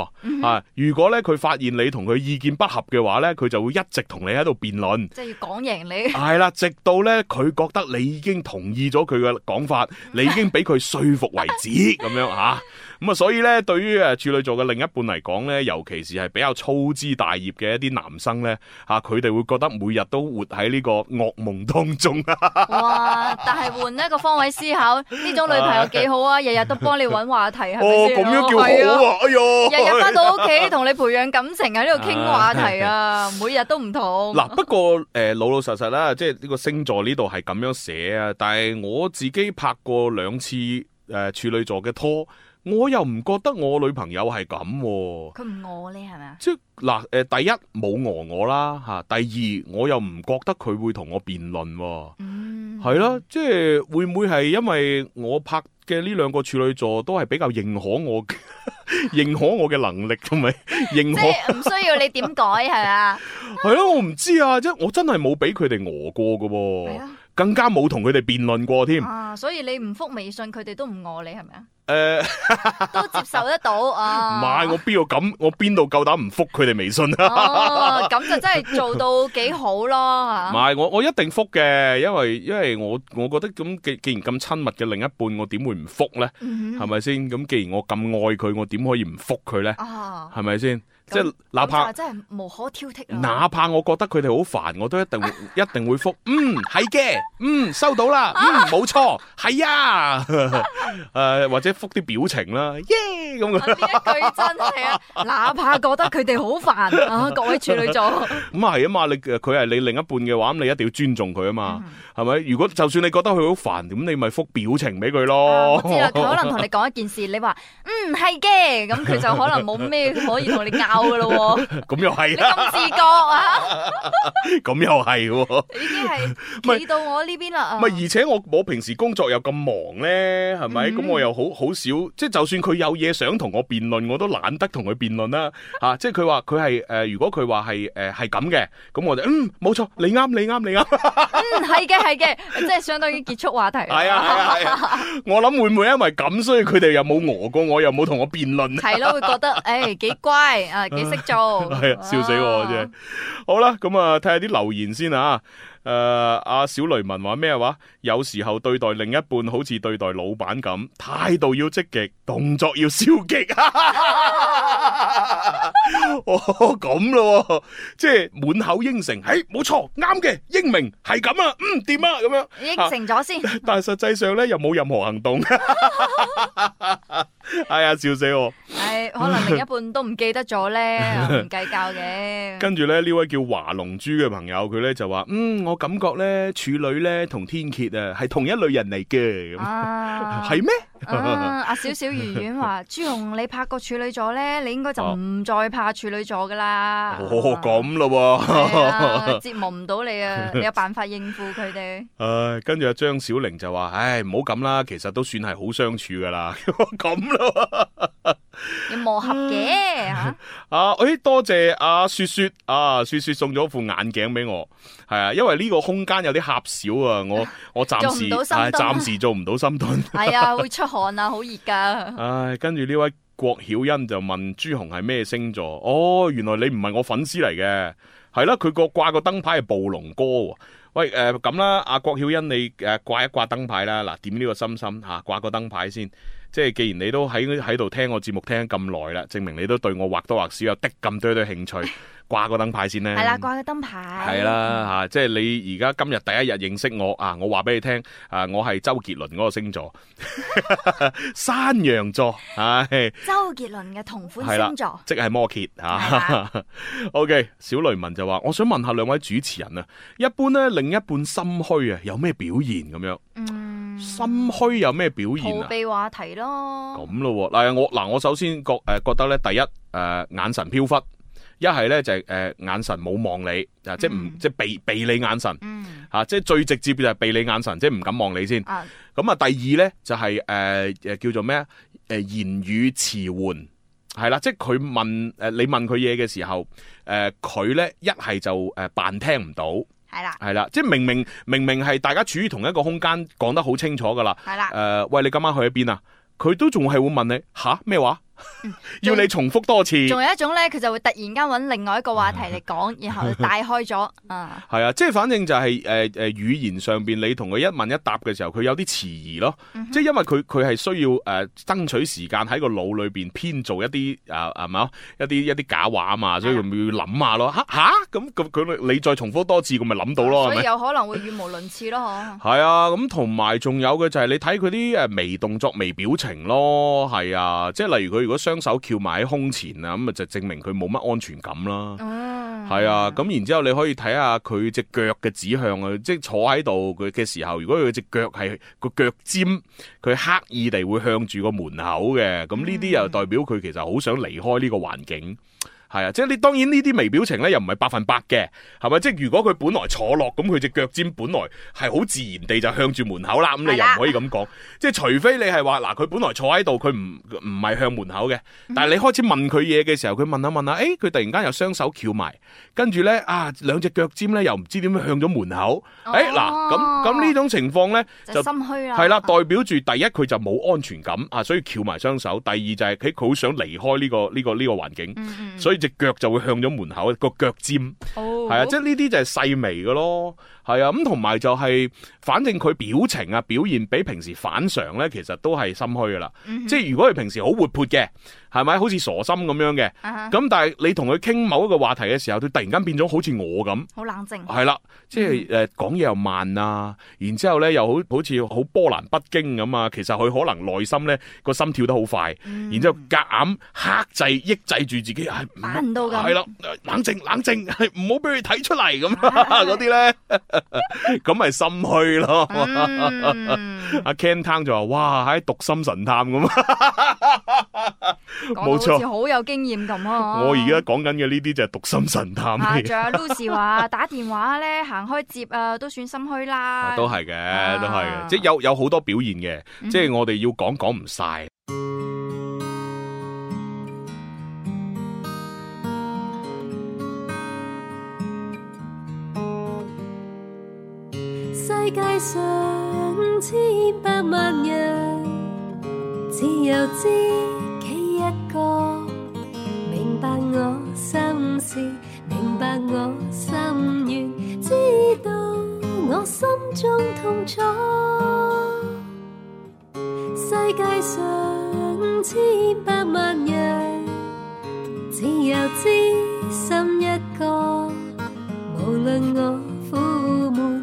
啊，如果咧佢發現你同佢意見不合嘅話咧，佢就會一直同你喺度辯論。講贏你係啦，直到咧佢覺得你已經同意咗佢嘅講法，你已經俾佢說服為止咁樣吓，咁啊，所以咧，對於誒處女座嘅另一半嚟講咧，尤其是係比較粗枝大葉嘅一啲男生咧，吓，佢哋會覺得每日都活喺呢個噩夢當中啊！哇！但係換一個方位思考，呢種女朋友幾好啊，日日都幫你揾話題係咪先？哦，咁樣叫好啊！哦、啊哎呀呦，日日翻到屋企同你培養感情喺呢度傾話題啊，啊每日都唔同。嗱、啊，不過誒。呃老老實實啦，即係呢個星座呢度係咁樣寫啊，但係我自己拍過兩次誒、呃、處女座嘅拖，我又唔覺得我女朋友係咁，佢唔餓你係咪啊？即係嗱誒，第一冇餓我啦吓，第二我又唔覺得佢會同我辯論、啊，係咯、嗯，即係、啊就是、會唔會係因為我拍？嘅呢兩個處女座都係比較認可我， 認可我嘅能力同埋認可，唔 需要你點改係 啊？係咯、啊，我唔知啊，即係我真係冇俾佢哋餓過㗎喎。更加冇同佢哋辯論過添啊！所以你唔復微信，佢哋都唔餓你係咪啊？誒，都接受得到啊？唔係我邊度咁，我邊度夠膽唔復佢哋微信啊？咁就真係做到幾好咯。唔係我，我一定復嘅，因為因為我，我覺得咁既，既然咁親密嘅另一半，我點會唔復咧？係咪先？咁既然我咁愛佢，我點可以唔復佢咧？係咪先？即係哪怕真係無可挑剔。哪怕我覺得佢哋好煩，我都一定會 一定會覆。嗯，係嘅，嗯，收到啦，啊、嗯，冇錯，係啊。誒、 呃，或者覆啲表情啦，耶咁樣。呢、啊、一句真係啊！ 哪怕覺得佢哋好煩啊，各位處女座。咁啊係啊嘛，你佢係你另一半嘅話，咁你一定要尊重佢啊嘛。係咪、嗯？如果就算你覺得佢好煩，咁你咪覆表情俾佢咯。啊、我知啦，佢可能同你講一件事，你話嗯係嘅，咁佢、嗯嗯、就可能冇咩可以同你咁又係，你咁、 啊、自覺啊？咁又係，已經係到我呢邊啦。唔係，而且我我平時工作又咁忙呢，係咪？咁、嗯嗯、我又好好少，即係就算佢有嘢想同我辯論，我都懶得同佢辯論啦。吓、啊，即係佢話佢係誒，如果佢話係誒係咁嘅，咁、呃、我就嗯冇錯，你啱，你啱，你啱。嗯，係嘅，係嘅，即係、 嗯、相當於結束話題。係啊係啊，我諗會唔會因為咁，所以佢哋又冇餓過，我又冇同我辯論。係咯，會覺得誒、哎、幾乖幾識做，係啊、哎！笑死我，真係。好啦，咁啊，睇下啲留言先啊。誒、呃，阿小雷文話咩話？有時候對待另一半好似對待老闆咁，態度要積極，動作要消極啊。 哦，咁咯，即係滿口應承，誒、哎，冇錯，啱嘅，英明，係咁啊，嗯，掂啊，咁樣應承咗先。啊、但係實際上咧，又冇任何行動。 哎呀，笑死我！唉、哎，可能另一半都唔記得咗咧，唔計較嘅。 跟住咧，呢位叫華龍珠嘅朋友，佢咧就話：嗯，我感覺咧，處女咧同天蠍啊，係同一類人嚟嘅，係咩、啊？ 啊！阿小小圓圓話：朱紅，你拍過處女座呢？你應該就唔再怕處女座噶啦。哦、啊，咁咯喎，折磨唔到你啊！你有辦法應付佢哋。誒、啊，跟住阿張小玲就話：，唉，唔好咁啦，其實都算係好相處噶啦，咁 咯。你磨合嘅 啊誒、哎，多謝阿、啊、雪雪，阿、啊、雪雪送咗副眼鏡俾我，係啊，因為呢個空間有啲狹小啊，我我暫時暫、啊哎、時做唔到深蹲、啊，係啊、哎，會出汗啊，好熱噶。唉、哎，跟住呢位郭曉欣就問朱紅係咩星座？哦，原來你唔係我粉絲嚟嘅。係啦、啊，佢個掛個燈牌係暴龍哥。喂，誒、呃、咁啦，阿郭曉欣你誒掛一掛燈牌啦，嗱，點呢個心心吓，掛、啊、個燈牌先。即係，既然你都喺喺度聽我節目聽咁耐啦，證明你都對我或多或少有的咁多啲興趣。掛個燈牌先咧，係啦，掛個燈牌，係 啦，吓、啊，即係你而家今日第一日認識我啊，我話俾你聽，啊，我係周杰倫嗰個星座， 山羊座，係 周杰倫嘅同款星座，啊、即係摩羯，吓吧 ，OK，小雷文就話，我想問下兩位主持人啊，一般咧另一半心虛啊，有咩表現咁樣？嗯，mm, 心虛有咩表現啊？逃避話題咯，咁咯，嗱我嗱、嗯、我首先覺誒覺得咧，第一誒眼神飄忽。一係咧就係誒眼神冇望你啊，嗯、即係唔即係避避你眼神，吓、嗯啊、即係最直接就係避你眼神，即係唔敢望你先。咁啊、嗯，第二咧就係誒誒叫做咩啊？誒、呃、言語遲緩係啦，即係佢問誒你問佢嘢嘅時候，誒佢咧一係就誒扮、呃、聽唔到，係啦係啦，即係明明明明係大家處於同一個空間，講得好清楚噶啦，誒、呃、喂你今晚去咗邊啊？佢都仲係會問你吓咩、啊、話？ 要你重複多次，仲、嗯、有一種咧，佢就會突然間揾另外一個話題嚟講， 然後帶開咗啊。係、嗯、啊，即係反正就係誒誒，語言上邊你同佢一問一答嘅時候，佢有啲遲疑咯。嗯、哼即係因為佢佢係需要誒、呃、爭取時間喺個腦裏邊編造一啲誒誒，咪、呃、一啲一啲假話啊嘛，所以佢咪要諗下咯。吓吓咁咁佢你再重複多次，佢咪諗到咯。嗯、是是所以有可能會語無倫次咯，嗬。係啊，咁同埋仲有嘅就係你睇佢啲誒微動作、微表情咯。係啊，啊，即係例如佢。如果雙手翹埋喺胸前啊，咁啊就證明佢冇乜安全感啦。係啊，咁、啊、然之後你可以睇下佢隻腳嘅指向啊，即係坐喺度佢嘅時候，如果佢隻腳係個腳尖，佢刻意地會向住個門口嘅，咁呢啲又代表佢其實好想離開呢個環境。嗯係啊，即係你當然呢啲微表情咧，又唔係百分百嘅，係咪？即係如果佢本來坐落咁，佢隻腳尖本來係好自然地就向住門口啦，咁你又唔可以咁講。是的 即係除非你係話嗱，佢本來坐喺度，佢唔唔係向門口嘅。但係你開始問佢嘢嘅時候，佢問下問下，誒、欸，佢突然間又雙手翹埋，跟住咧啊，兩隻腳尖咧又唔知點樣向咗門口。誒、欸、嗱，咁咁呢種情況咧就，就心虛啊，係啦，代表住第一佢就冇安全感啊，所以翹埋雙手。第二就係佢佢好想離開呢個呢個呢個環境，所以。隻腳就會向咗門口，個腳尖，oh，係啊，即係呢啲就係細微嘅咯。係啊，咁同埋就係，反正佢表情啊表現比平時反常咧，其實都係心虛噶啦。嗯、哼即係如果佢平時活潑好活潑嘅，係咪好似傻心咁樣嘅？咁、啊、但係你同佢傾某一個話題嘅時候，佢突然間變咗好似我咁，好冷靜。係啦、啊，即係誒講嘢又慢啊，然之後咧又好好似好波瀾不驚咁啊。其實佢可能內心咧個心跳得好快，嗯、然之後夾硬克制抑制住自己，係、哎、唔到噶。係啦、啊，冷靜冷靜，係唔好俾佢睇出嚟咁嗰啲咧。 咁咪 心虛咯、 嗯，阿 Ken Tang 就話：哇，喺讀心神探咁，冇錯，好似好有經驗咁啊！ 我而家講緊嘅呢啲就係讀心神探、 啊。仲有 Lucy 話打電話咧，行開接啊，都算心虛啦。都係嘅，都係嘅，即係有有好多表現嘅，即係我哋要講講唔晒。嗯世界上千百萬人，只有自己一個，明白我心事，明白我心願，知道我心中痛楚。世界上千百萬人，只有知心一個，無論我苦悶。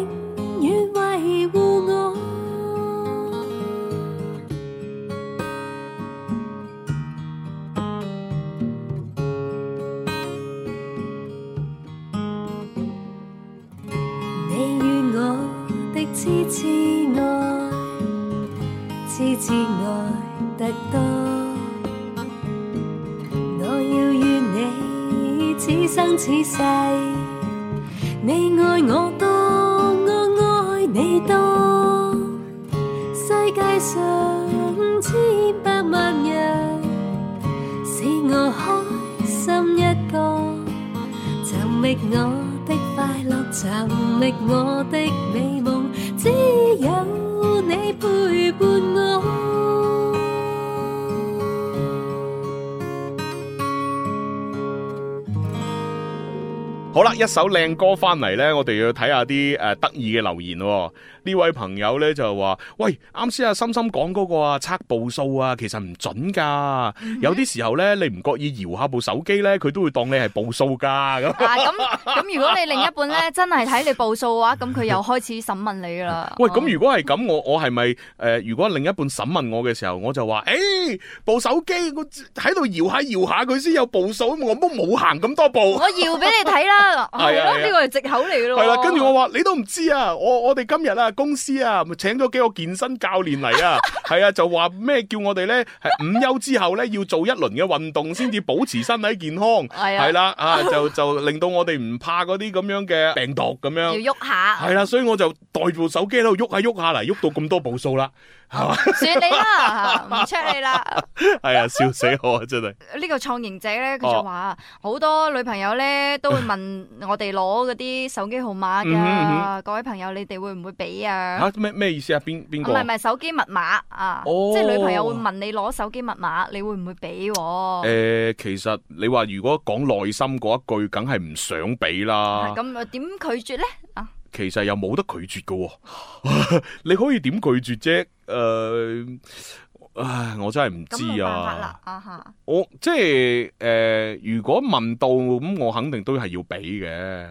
似世，你愛我多，我愛你多。世界上千百萬人，使我開心一個。尋覓我的快樂，尋覓我的。一首靚歌翻嚟呢，我哋要睇下啲誒、呃、得意嘅留言、哦。呢位朋友呢，就話：喂，啱先阿深深講嗰個啊測步數啊，其實唔準噶。嗯、哼有啲時候呢，你唔覺意搖下部手機呢，佢都會當你係步數噶咁。咁、 啊、如果你另一半呢，真係睇你步數嘅話，咁佢又開始審問你噶啦。 喂，咁如果係咁，我我係咪誒？如果另一半審問我嘅時候，我就話：誒、欸，部手機我喺度搖下搖下，佢先有步數，我冇冇行咁多步。 我搖俾你睇啦。 係、 哦、啊，呢個係借口嚟嘅咯。係啦、啊啊啊，跟住我話你都唔知啊，我我哋今日啊公司啊，咪請咗幾個健身教練嚟啊，係 啊，就話咩叫我哋咧係午休之後咧要做一輪嘅運動，先至保持身體健康。係 啊，係啦、啊，啊就就令到我哋唔怕嗰啲咁樣嘅病毒咁樣。 要喐下。係啦、啊，所以我就袋住部手機喺度喐下喐下嚟，喐到咁多步數啦。 算你啦，唔查你啦。係 啊、 哎，笑死我 啊，真係。呢個創營者咧，佢就話好多女朋友咧都會問我哋攞嗰啲手機號碼噶。嗯嗯、各位朋友，你哋會唔會俾啊？咩咩、啊、意思啊？邊邊個？唔係唔係，手機密碼啊，哦、即係女朋友會問你攞手機密碼，你會唔會俾、啊？誒、呃，其實你話如果講內心嗰一句，梗係唔想俾啦。咁點 拒絕咧？啊？其實又冇得拒絕嘅、啊，你可以點拒絕啫？誒、呃，唉，我真係唔知啊！啊我即係誒、呃，如果問到咁，我肯定都係要俾嘅。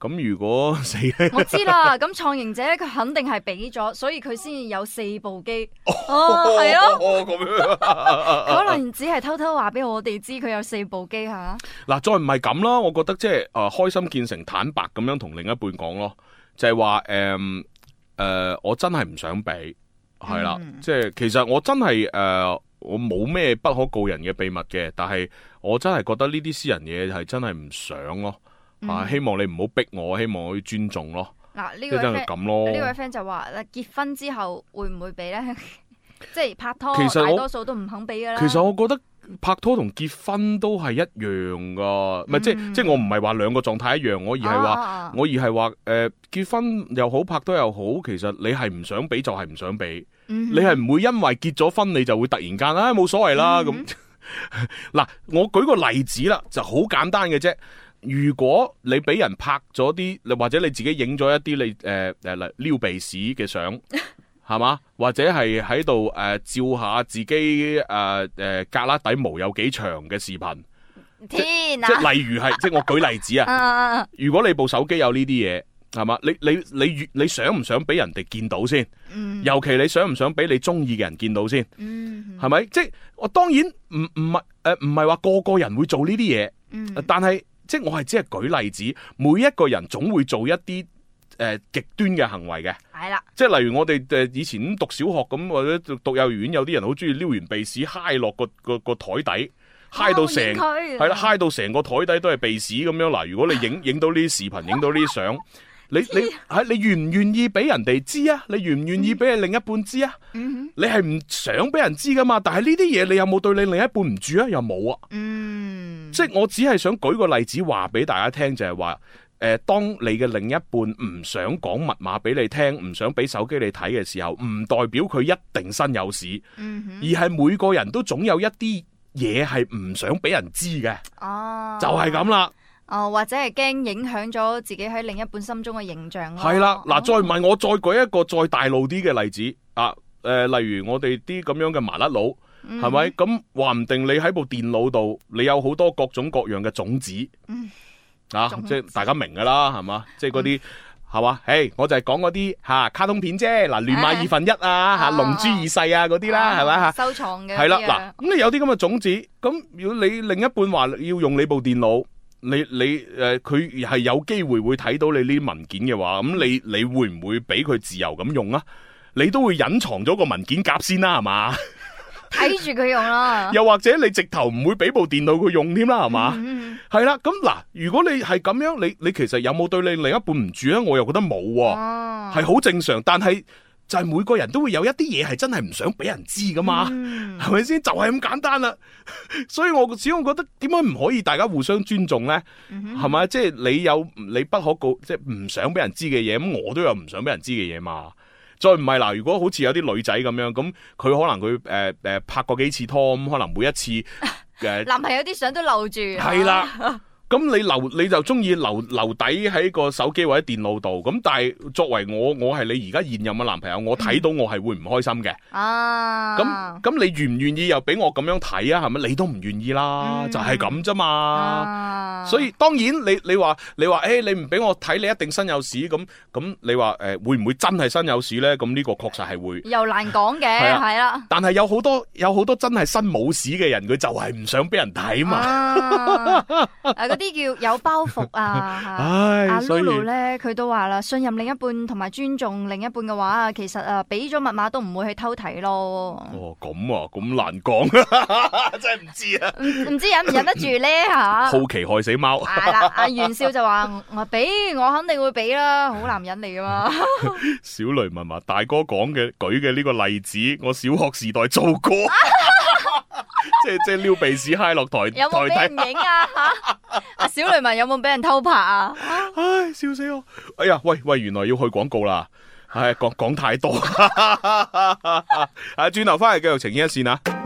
咁如果死， 我知啦。咁創形者佢肯定係俾咗，所以佢先有四部機。哦，係咯，可能只係偷偷話俾我哋知佢有四部機吓。嗱、啊，再唔係咁啦，我覺得即係誒、啊，開心見誠坦白咁樣同另一半講咯。就係話誒誒，我真係唔想俾，係啦，嗯、即係其實我真係誒、呃，我冇咩不可告人嘅秘密嘅，但係我真係覺得呢啲私人嘢係真係唔想咯，嗯、啊，希望你唔好逼我，希望我尊重咯。嗱、啊，呢、呢個咧，呢位 friend 就話，嗱結婚之後會唔會俾咧？ 即係拍拖，其實大多數都唔肯俾噶啦。其實我覺得。拍拖同結婚都係一樣噶，唔係、嗯、即係即係我唔係話兩個狀態一樣，我而係話、啊、我而係話，誒、呃、結婚又好，拍拖又好，其實你係唔想俾就係唔想俾，嗯、哼你係唔會因為結咗婚你就會突然間，唉、哎、冇所謂啦咁。嗱、嗯哼這樣， 我舉個例子啦，就好簡單嘅啫。如果你俾人拍咗啲，或者你自己影咗一啲你誒誒嚟撩鼻屎嘅相。 係嘛？或者係喺度誒，照下自己誒誒，旮、呃、旯、呃、底毛有幾長嘅視頻。天啊！即係例如係， 即係我舉例子啊。如果你部手機有呢啲嘢，係嘛？你你你越你,你想唔想俾人哋見到先？嗯、尤其你想唔想俾你中意嘅人見到先？係咪、嗯？即係我當然唔唔係誒，唔係話個個人會做呢啲嘢。嗯、但係即係我係只係舉例子，每一個人總會做一啲。誒極端嘅行為嘅，係啦， 即係例如我哋誒以前讀小學咁，或者讀幼兒園，有啲人好中意撩完鼻屎嗨落個個個台底，嗨到成係啦，揩到成個台底都係鼻屎咁樣嗱。如果你影影到呢啲視頻，影到呢啲相，你你係你願唔願意俾人哋知啊？你願唔願意俾你另一半知啊？嗯嗯、你係唔想俾人知噶嘛？但係呢啲嘢你有冇對你另一半唔住啊？又冇啊？嗯，即係我只係想舉個例子話俾大家聽，就係、是、話。誒，當你嘅另一半唔想講密碼俾你聽，唔想俾手機你睇嘅時候，唔代表佢一定身有屎，嗯、哼而係每個人都總有一啲嘢係唔想俾人知嘅。哦、啊，就係咁啦。哦、啊，或者係驚影響咗自己喺另一半心中嘅形象咯。係啦、啊，嗱、啊，再問我，哦、我再舉一個再大路啲嘅例子啊。誒、呃，例如我哋啲咁樣嘅麻甩佬，係咪、嗯哼？咁話唔定你喺部電腦度，你有好多各種各樣嘅種子。嗯嗱，即係、啊、種子大家明噶啦，係嘛，即係嗰啲係嘛，誒、嗯，我就係講嗰啲吓卡通片啫。嗱，亂馬二分一啊，吓龍珠二世啊，嗰啲啦，係咪？吓，收藏嘅係啦嗱。咁、啊、你、嗯、有啲咁嘅種子，咁如果你另一半話要用你部電腦，你你誒，佢、呃、係有機會會睇到你啲文件嘅話，咁你你會唔會俾佢自由咁用啊？你都會隱藏咗個文件夾先啦，係嘛。睇住佢用啦，又或者你直頭唔會俾部電腦佢用添啦，係嘛？係啦、嗯，咁嗱，如果你係咁樣，你你其實有冇對你另一半唔住咧？我又覺得冇、啊，係好、啊、正常。但係就係每個人都會有一啲嘢係真係唔想俾人知噶嘛，係咪先？就係、是、咁簡單啦。 所以我始終覺得點解唔可以大家互相尊重咧？係咪、嗯？即係、就是、你有你不可告，即係唔想俾人知嘅嘢，咁我都有唔想俾人知嘅嘢嘛。再唔係嗱，如果好似有啲女仔咁樣，咁佢可能佢誒誒拍過幾次拖，咁可能每一次誒，呃、 男朋友啲相都漏住。係 啦。咁你留，你就中意留留底喺個手機或者電腦度，咁但係作為我我係你而家現任嘅男朋友，我睇到我係會唔開心嘅。嗯、願願啊，咁咁你願唔願意又俾我咁樣睇啊？係咪你都唔願意啦？嗯、就係咁啫嘛。啊、所以當然你你話你話誒，你唔俾，欸、我睇，你一定身有屎。咁咁你話誒、欸，會唔會真係身有屎咧？咁呢個確實係會又難講嘅，係啦、 啊。的但係有好多有好多真係身冇屎嘅人，佢就係唔想俾人睇嘛。啊 呢啲叫有包袱啊，阿 Lulu 咧佢都話啦，信任另一半同埋尊重另一半嘅話，其實啊，俾咗密碼都唔會去偷睇咯。哦，咁啊，咁難講， 真係唔知啊，唔 知忍唔忍得住咧吓。 好奇害死貓。係啦，阿 阿、啊、袁少就話我俾我肯定會俾啦，好男人嚟噶嘛。 小雷文話大哥講嘅舉嘅呢個例子，我小學時代做過。 即係即係撩鼻屎嗨落台，台有冇俾人影啊？吓、 啊，小雷文有冇俾人偷拍啊？ 唉，笑死我！哎呀，喂喂，原來要去廣告啦！唉、哎，講講太多， 啊，轉頭翻嚟繼續情牽一線啊！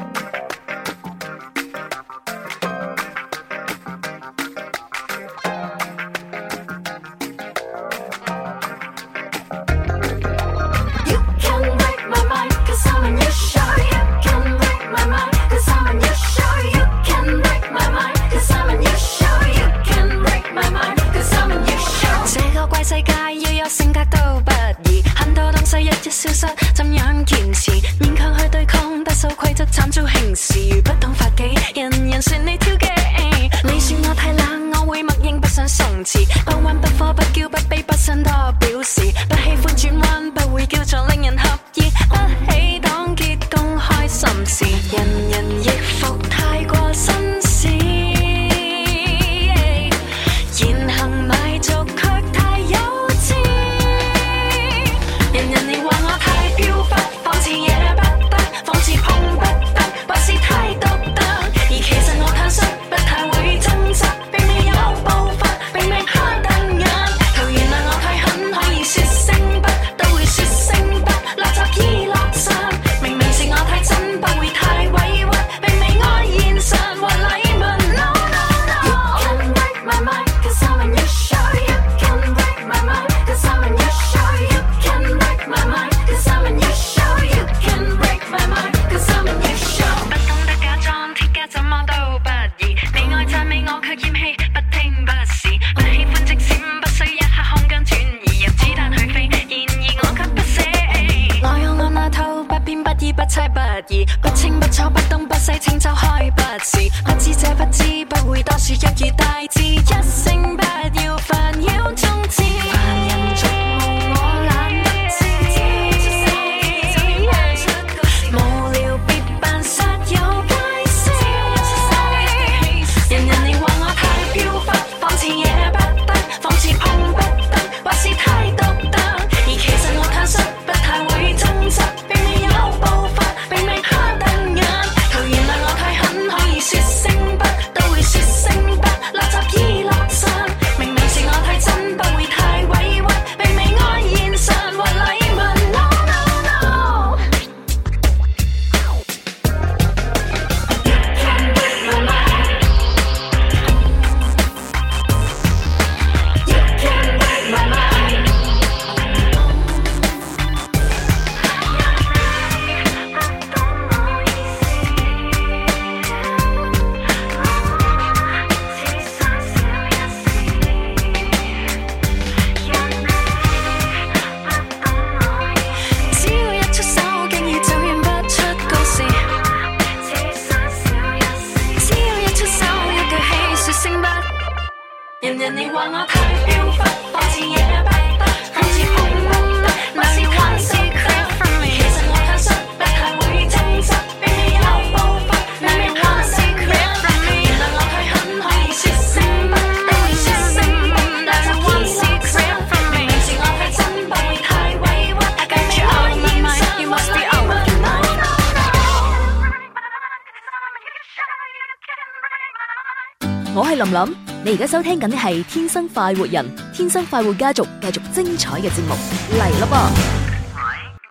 而家收聽緊嘅係《天生快活人》，天生快活家族繼續精彩嘅節目嚟啦噃！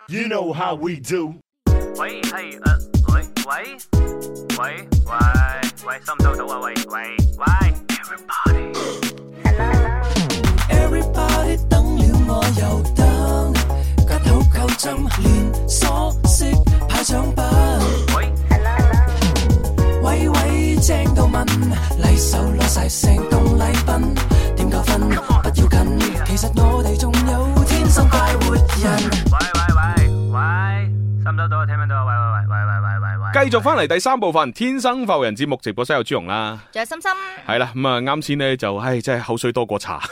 You know how we do？喂，嘿，誒，喂，喂，喂，喂，喂，收唔收到啊，喂，喂，喂！係啦係啦，Everybody 等了我又等，吉好扣針，連鎖式派獎品。聲都問，禮手攞晒成棟禮品，點夠分？Come on，不要緊，yeah. 其實我哋仲有天生快活人。Bye. Bye. 收收到，聽唔聽到？喂喂喂喂喂喂喂喂，繼續翻嚟第三部分《天生浮人節目》直播室有朱蓉啦。仲有心心。係啦，咁啊啱先咧就，唉，真係口水多過茶，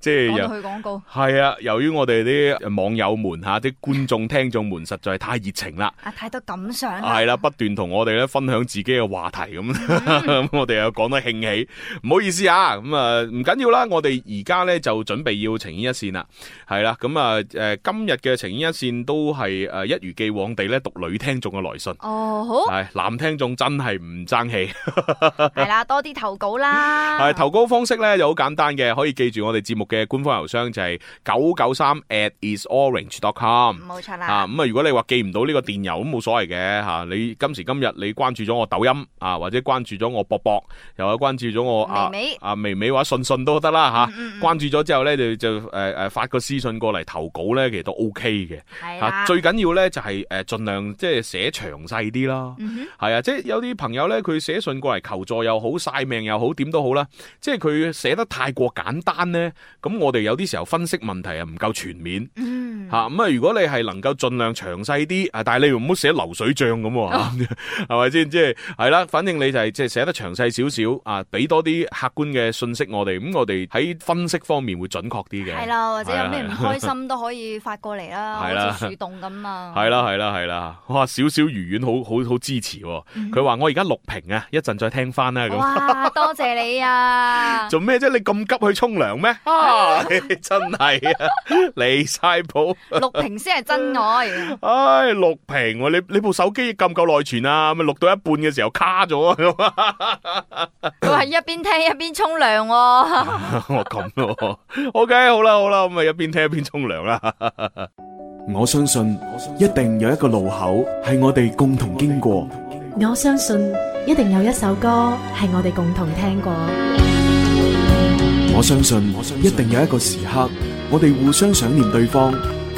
即係又去廣告。係啊，由於我哋啲網友們吓，啲觀眾聽眾們實在太熱情啦。啊，太多感想。係啦，不斷同我哋咧分享自己嘅話題，咁我哋又講得興起，唔好意思啊，咁啊唔緊要啦，我哋而家咧就準備要呈現一線啦，係啦，咁啊誒今日嘅呈現一線都係誒一如既往。往地咧讀女聽眾嘅來信，係男、哦、聽眾真係唔爭氣，係 啦，多啲投稿啦。係投稿方式咧又好簡單嘅，可以記住我哋節目嘅官方郵箱就係九九三 @isorange.com，冇錯啦。啊，咁、嗯、啊，如果你話記唔到呢個電郵，咁冇所謂嘅吓、啊。你今時今日你關注咗我抖音啊，或者關注咗我博博，又或者關注咗我啊啊微微話信信都得啦吓。啊嗯嗯嗯、關注咗之後咧就就誒誒發個私信過嚟投稿咧，其實都 OK 嘅吓、啊。最緊要咧就係、是。對誒，盡量即係寫詳細啲咯，係啊、mm hmm.，即係有啲朋友咧，佢寫信過嚟求助又好，晒命又好，點都好啦。即係佢寫得太過簡單咧，咁我哋有啲時候分析問題啊，唔夠全面。Mm hmm. 吓咁啊！如果你係能夠盡量詳細啲啊，但係你又唔好寫流水賬咁喎，係咪先？即係係啦，反正你就係即係寫得詳細少少啊，俾多啲客觀嘅信息我哋，咁我哋喺分析方面會準確啲嘅。係啦，或者有咩唔開心都可以發過嚟啦，主動咁啊。係啦係啦係啦，哇！少少魚丸，好好好支持。佢話我而家錄屏啊，一陣再聽翻啦。哇！多謝你啊！做咩啫？你咁急去沖涼咩？真係啊，離晒譜。錄屏先係真愛。唉，錄屏，你你部手機夠唔夠內存啊？咪錄到一半嘅時候卡咗。佢話一邊聽一邊沖涼。我咁咯。O K，好啦好啦，咁咪一邊聽一邊沖涼啦。我相信一定有一個路口係我哋共同經過。我相信一定有一首歌係我哋共同聽過。我相信一定有一個時刻，我哋互相想念對方。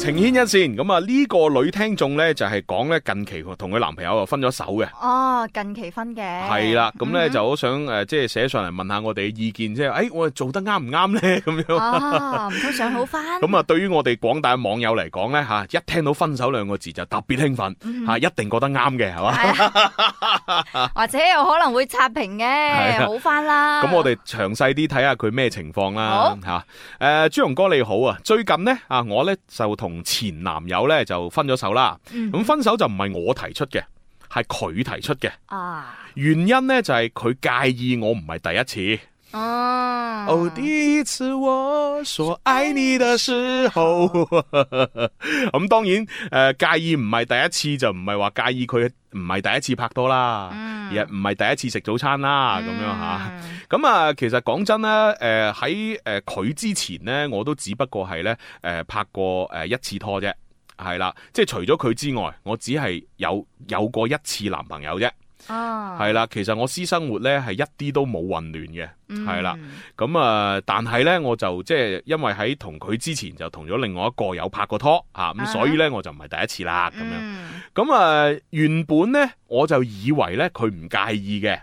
呈顯一線咁啊！呢個女聽眾咧就係講咧近期同佢男朋友分咗手嘅。哦，近期分嘅。係啦，咁咧就好想誒，即係寫上嚟問下我哋嘅意見，即係誒，我做得啱唔啱咧？咁樣。哦，唔通想好翻？咁啊，對於我哋廣大網友嚟講咧嚇，一聽到分手兩個字就特別興奮嚇，一定覺得啱嘅，係嘛？或者有可能會刷屏嘅，好翻啦。咁我哋詳細啲睇下佢咩情況啦嚇。誒，朱雄哥你好啊！最近咧啊，我咧就同同前男友咧就分咗手啦，咁分手就唔係我提出嘅，係佢提出嘅。啊，原因咧就係佢介意我唔係第一次。啊、哦， 第一次我說愛你的時候，咁當然誒，介意唔係第一次就唔係話介意佢唔係第一次拍拖啦，嗯、而唔係第一次食早餐啦，咁、嗯、樣吓。咁啊，其實講真咧，誒喺誒佢之前咧，我都只不過係咧誒拍過誒一次拖啫，係啦，即係除咗佢之外，我只係有有過一次男朋友啫。啊，係啦，哦，其實我私生活咧係一啲都冇混亂嘅，係啦、嗯，咁、嗯、啊，但係咧我就即係因為喺同佢之前就同咗另外一個有拍過拖吓，咁、啊嗯、所以咧我就唔係第一次啦咁樣。咁、嗯、啊、嗯嗯，原本咧我就以為咧佢唔介意嘅，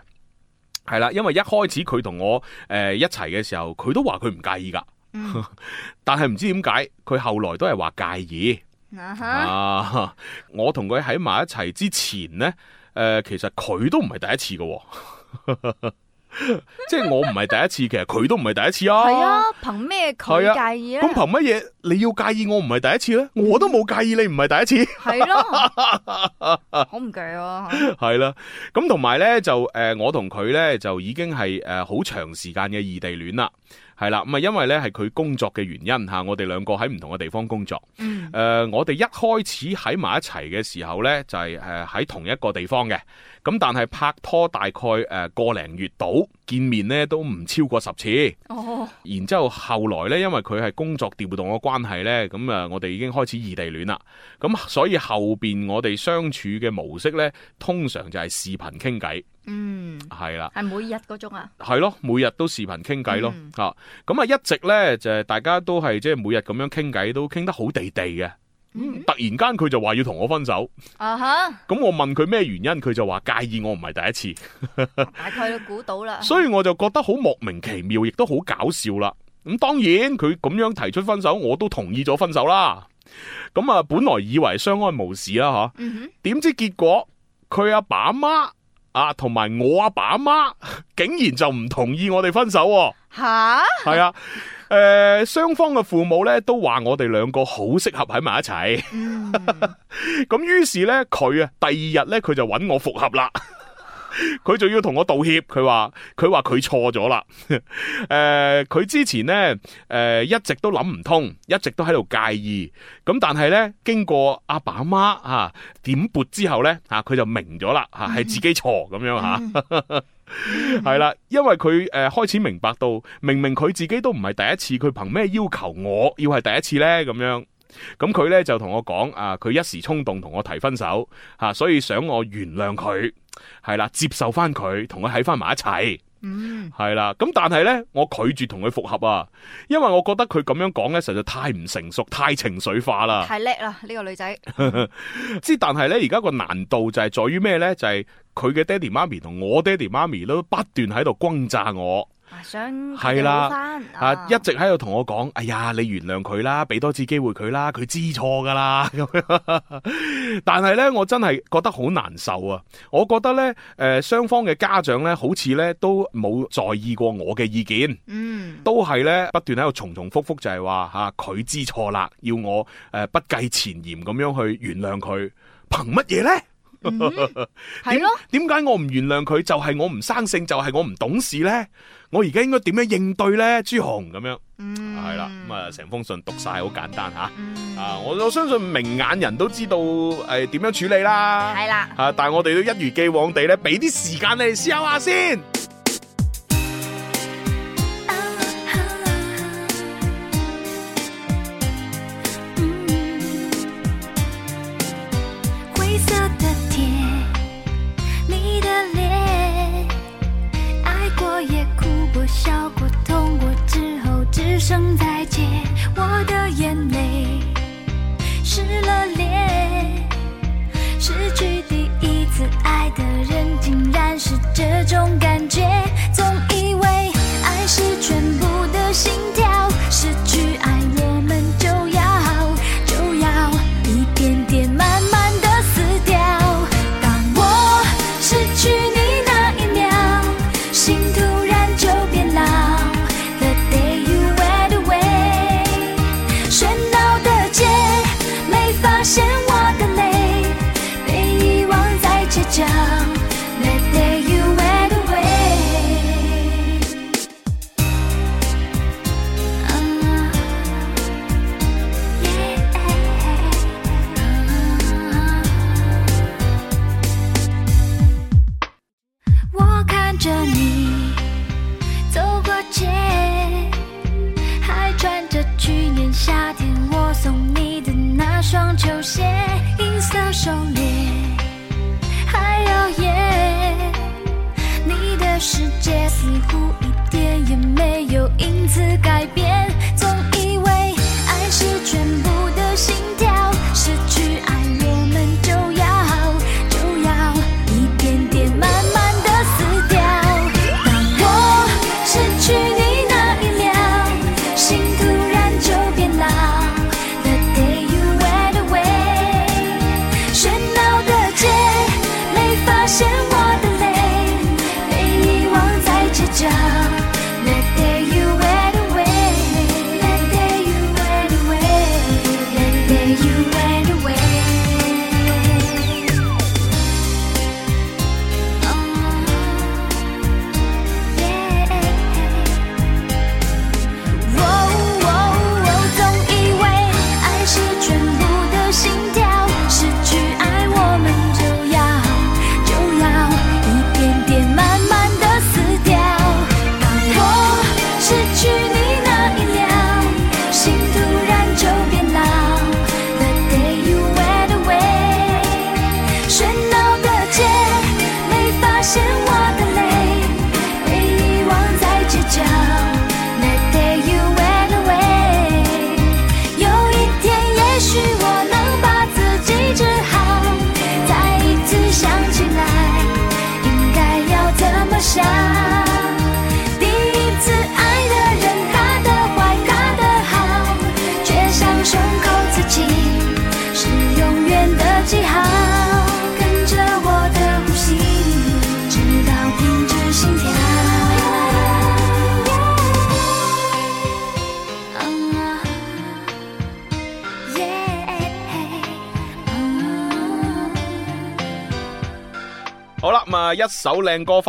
係啦，因為一開始佢同我誒、呃、一齊嘅時候，佢都話佢唔介意噶，嗯、 但係唔知點解佢後來都係話介意、嗯、啊。 我同佢喺埋一齊之前咧，誒、呃，其實佢都唔係第一次嘅，即係我唔係第一次， 其實佢都唔係第一次啊！係啊，憑咩佢介意啊？咁憑乜嘢你要介意我唔係第一次咧？我都冇介意你唔係第一次，係咯，好唔介意啊？係啦、 啊，咁同埋咧就誒、呃，我同佢咧就已經係誒好長時間嘅異地戀啦。係啦，咁啊，因為咧係佢工作嘅原因吓，我哋兩個喺唔同嘅地方工作。誒、嗯呃，我哋一開始喺埋一齊嘅時候咧，就係誒喺同一個地方嘅。咁但係拍拖大概誒個零月度見面咧都唔超過十次。哦、然之後後來咧，因為佢係工作調動嘅關係咧，咁、呃、啊，我哋已經開始異地戀啦。咁、嗯、所以後邊我哋相處嘅模式咧，通常就係視頻傾偈。嗯，係啦了，係每日個鐘啊，係咯，每日都視頻傾偈咯，吓咁、嗯、啊，一直咧就係、是、大家都係即係每日咁樣傾偈，都傾得好地地嘅。嗯、突然間佢就話要同我分手，啊哈、uh，咁、huh. 我問佢咩原因，佢就話介意我唔係第一次， 大概都估到啦。 所以我就覺得好莫名其妙，亦都好搞笑啦。咁當然佢咁樣提出分手，我都同意咗分手啦。咁啊，本來以為相安無事啦，吓，點知結果佢阿爸阿媽。啊，同埋我阿爸阿媽竟然就唔同意我哋分手，吓，係啊，誒，雙方嘅父母咧都話我哋兩個好適合喺埋一齊，咁 於是咧佢啊第二日咧佢就揾我復合啦。佢仲要同我道歉，佢話佢話佢錯咗啦。誒，佢、 呃、之前呢，誒、呃，一直都諗唔通，一直都喺度介意。咁但係呢，經過阿爸阿媽吓點撥之後呢，吓、啊，佢就明咗啦吓，係自己錯咁樣吓，係、啊、啦。 因為佢誒、呃、開始明白到，明明佢自己都唔係第一次，佢憑咩要求我要係第一次呢？咁樣。咁佢咧就同我講啊，佢一時衝動同我提分手吓，啊，所以想我原諒佢，係啦，接受翻佢，同佢喺翻埋一齊，係啦，嗯。咁但係咧，我拒絕同佢復合啊，因為我覺得佢咁樣講咧，實在太唔成熟，太情緒化啦。太叻啦，呢個女仔。即 但係咧，而家個難度就係在於咩咧？就係佢嘅爹哋媽咪同我爹哋媽咪都不斷喺度轟炸我。係啦，吓、啊啊啊、一直喺度同我講，哎呀，你原諒佢啦，俾多次機會佢啦，佢知錯噶啦。咁樣，但係咧，我真係覺得好難受啊！我覺得咧，誒、呃，雙方嘅家長咧，好似咧都冇在意過我嘅意見，嗯，都係咧不斷喺度重重複複，就係話吓佢知錯啦，要我誒、呃、不計前嫌咁樣去原諒佢，憑乜嘢咧？點解 我唔原諒佢？就係、是、我唔生性，就係、是、我唔懂事呢。我而家應該點樣應對呢？朱紅咁樣係啦。咁、嗯、啊，成封信讀晒好簡單吓。嗯、啊，我我相信明眼人都知道誒點、呃、樣處理啦。係啦了、啊，但係我哋都一如既往地咧，俾啲時間你哋思考下先。那雙球鞋，銀色手鏈，還有耶。你的世界似乎已……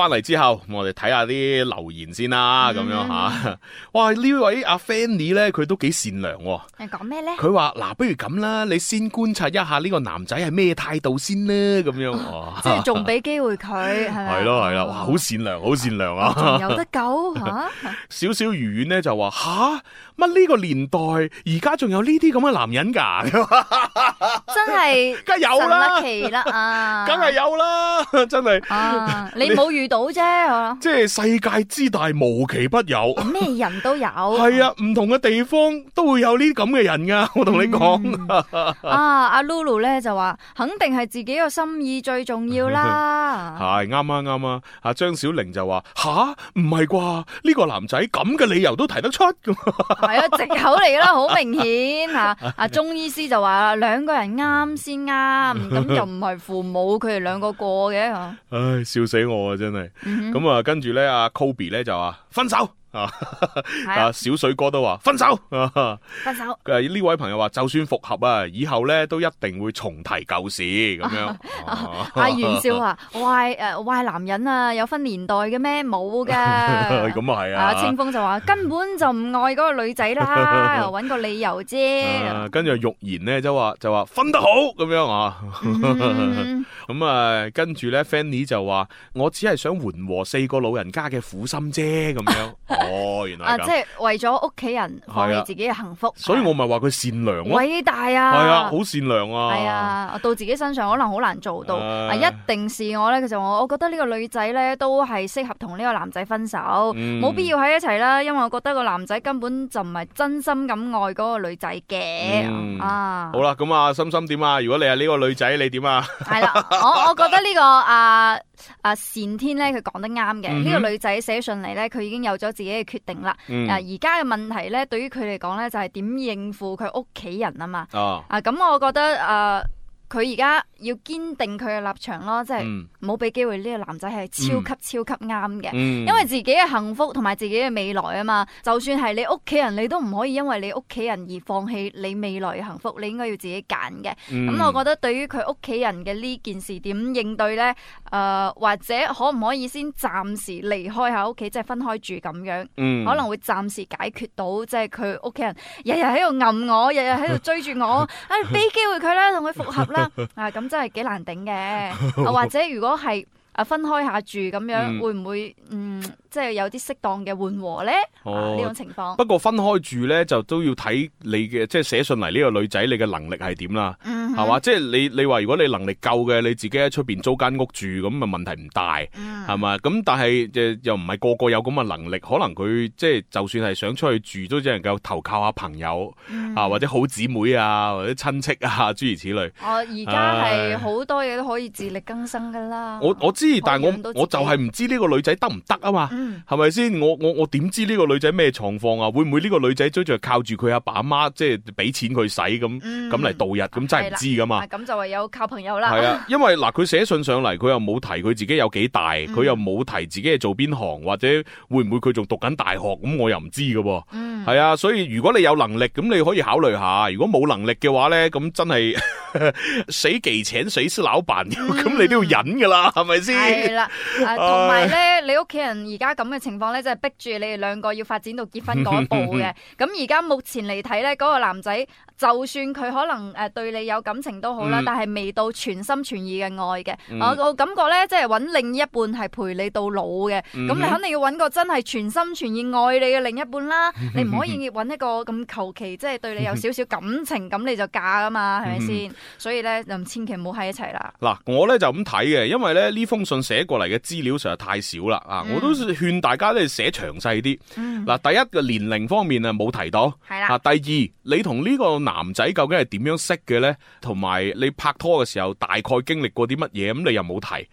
嚟之後，我哋睇下啲留言先啦，咁、mm hmm. 樣嚇、啊。哇！呢位阿 Fanny 咧，佢都幾善良喎。講咩咧？佢話嗱，不、啊、如咁啦，你先觀察一下呢個男仔係咩態度先呢？咁樣、嗯、即係仲俾機會佢係咪？係咯，係啦，哇，好善良，好善良啊！仲有得救？啊、少少魚丸呢就話吓乜呢個年代而家仲有呢啲咁嘅男人噶、啊？真係梗係有啦，奇啦啊，梗係有啦，真係。你冇遇到啫，你啊、即係世界之大，無奇不有，咩、啊、人都有。係啊，唔、啊、同嘅地方都會有呢啲咁嘅人噶，我同你講啊，阿 Lulu 咧就話肯定係自己個心意最重要啦，係啱啱啱啊，阿、啊、張小玲就話吓唔係啩？呢、這個男仔咁嘅理由都提得出，係 啊借口嚟噶啦，好明顯吓。阿、 啊、中醫師就話兩個人啱先啱，咁 又唔係父母佢哋兩個過嘅，唉、 哎、笑死我啊真係，咁啊、嗯嗯、跟住咧阿 Kobe 咧就話分手。啊！啊 小水哥都話分手，分手。誒 呢位朋友話就算復合啊，以後咧都一定會重提舊事咁樣。阿、 啊、袁少話壞誒壞男人啊，有分年代嘅咩？冇㗎。咁啊係啊。清風就話 根本就唔愛嗰個女仔啦，搵 個理由啫。跟住、啊、玉言呢就話就話分得好咁樣啊。咁 啊、嗯，跟住咧 Fanny 就話我只係想緩和四個老人家嘅苦心啫，咁樣。 哦，原來啊，即係為咗屋企人放棄自己嘅幸福，啊啊、所以我咪話佢善良咯，偉大啊，係啊，好善良啊，係啊，啊啊啊到自己身上可能好難做到啊，呃、一定是我咧。其實我我覺得呢個女仔咧都係適合同呢個男仔分手，冇、嗯、必要喺一齊啦，因為我覺得個男仔根本就唔係真心咁愛嗰個女仔嘅、嗯、啊。好啦，咁啊，心心點啊？如果你係呢個女仔，你點啊？係 啦，我我，我覺得呢、呢個啊。呃啊、善天咧，佢講得啱嘅。呢、mm hmm. 個女仔寫信嚟咧，佢已經有咗自己嘅決定啦。Mm hmm. 啊，而家嘅問題咧，對於佢嚟講咧，就係、是、點應付佢屋企人啊嘛。Oh. 啊，咁、嗯、我覺得啊，佢而家。要堅定佢嘅立場咯，即係唔好俾機會呢、這個男仔係超級超級啱嘅，嗯、因為自己嘅幸福同埋自己嘅未來啊嘛。就算係你屋企人，你都唔可以因為你屋企人而放棄你未來嘅幸福，你應該要自己揀嘅。咁、嗯、我覺得對於佢屋企人嘅呢件事點應對咧？誒、呃，或者可唔可以先暫時離開下屋企，即係分開住咁樣？嗯、可能會暫時解決到，即係佢屋企人日日喺度暗我，日日喺度追住我，啊俾機會佢啦，同佢復合啦，啊咁。嗯嗯嗯真係幾難頂嘅， 或者如果係啊分開下住咁樣，會唔會嗯？會即係有啲適當嘅緩和咧呢、哦啊、種情況。不過分開住咧，就都要睇你嘅即係寫信嚟呢個女仔，你嘅能力係點啦？嗯哼，係嘛？即係你你話如果你能力夠嘅，你自己喺出邊租間屋住，咁啊問題唔大，係嘛、嗯？咁但係又唔係個個有咁嘅能力，可能佢即係就算係想出去住，都只能夠投靠下朋友、嗯、啊，或者好姊妹啊，或者親戚啊，諸如此類。我而家係好多嘢，都可以自力更生噶啦。我我知，但係我我就係唔知呢個女仔得唔得啊嘛？嗯係咪先？我我我點知呢個女仔咩狀況啊？會唔會呢個女仔追住靠住佢阿爸阿媽，即係俾錢佢使咁咁嚟度日咁，真係唔知噶嘛？咁就唯有靠朋友啦。係啊，因為嗱，佢寫信上嚟，佢又冇提佢自己有幾大，佢又冇提自己係做邊行，或者會唔會佢仲讀緊大學？咁我又唔知噶。嗯，係啊，所以如果你有能力，咁你可以考慮下；如果冇能力嘅話咧，咁真係死計請死屍老闆，咁你都要忍噶啦，係咪先？係啦，同埋咧，你屋企人而家。而家咁嘅情況咧，即係逼住你哋兩個要發展到結婚嗰一步嘅。咁而家目前嚟睇，咧，嗰個男仔就算佢可能誒對你有感情都好啦，但係未到全心全意嘅愛嘅。我我感覺咧，即係搵另一半係陪你到老嘅。咁你肯定要搵個真係全心全意愛你嘅另一半啦。你唔可以搵一個咁求其，即係對你有少少感情，咁你就嫁㗎嘛，係咪先？所以咧，就千祈唔好喺一齊啦。嗱，我咧就咁睇嘅，因為咧呢封信寫過嚟嘅資料實在太少啦。啊，我都。勸大家咧寫詳細啲，嗱，第一個年齡方面啊冇提到，啊第二你同呢個男仔究竟係點樣識嘅咧，同埋你拍拖嘅時候大概經歷過啲乜嘢，咁你又冇提，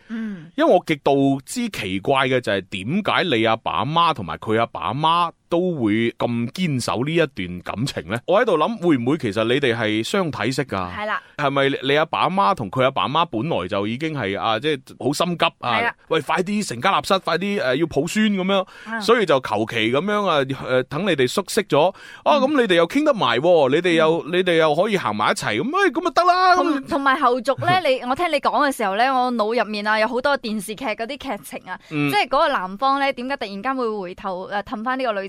因為我極度之奇怪嘅就係點解你阿爸阿媽同埋佢阿爸阿媽。都會咁堅守呢一段感情咧？我喺度諗會唔會其實你哋係雙體式噶？係啦，係咪你阿爸阿媽同佢阿爸阿媽本來就已經係啊，即係好心急啊？係。喂，快啲成家立室，快啲誒要抱孫咁樣，所以就求其咁樣啊誒，等你哋熟悉咗啊，咁你哋又傾得埋，你哋又你哋又可以行埋一齊咁，誒咁啊得啦！同埋後續咧，你我聽你講嘅時候咧，我腦入面啊有好多電視劇嗰啲劇情啊，即係嗰個男方咧點解突然間會回頭誒氹翻呢個女？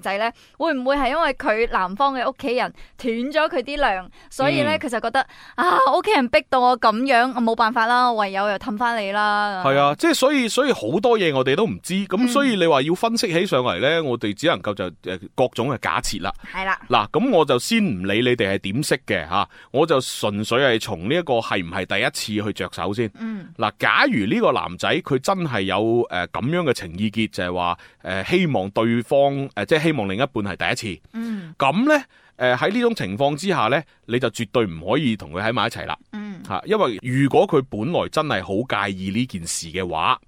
會唔會係因為佢男方嘅屋企人斷咗佢啲糧，所以咧佢就覺得、嗯、啊，屋企人逼到我咁樣，我冇辦法啦，唯有又氹翻你啦。係啊，即係所以，所以好多嘢我哋都唔知，咁、嗯、所以你話要分析起上嚟咧，我哋只能夠就誒各種嘅假設啦。係啦對了，嗱，咁我就先唔理你哋係點識嘅吓，我就純粹係從呢一個係唔係第一次去着手先。嗯，嗱，假如呢個男仔佢真係有誒咁、呃、樣嘅情意結，就係話誒希望對方誒、呃、即係希望。望另一半係第一次，咁、嗯、呢，誒喺呢種情況之下呢，你就絕對唔可以同佢喺埋一齊啦。嗯，吓，因為如果佢本來真係好介意呢件事嘅話，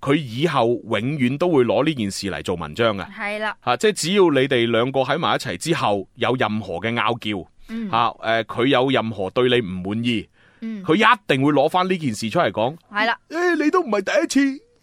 佢以後永遠都會攞呢件事嚟做文章嘅。係啦的、啊，即係只要你哋兩個喺埋一齊之後有任何嘅拗撬，吓、嗯，誒、啊，佢、呃、有任何對你唔滿意，佢、嗯、一定會攞翻呢件事出嚟講。係啦的，誒的、欸，你都唔係第一次。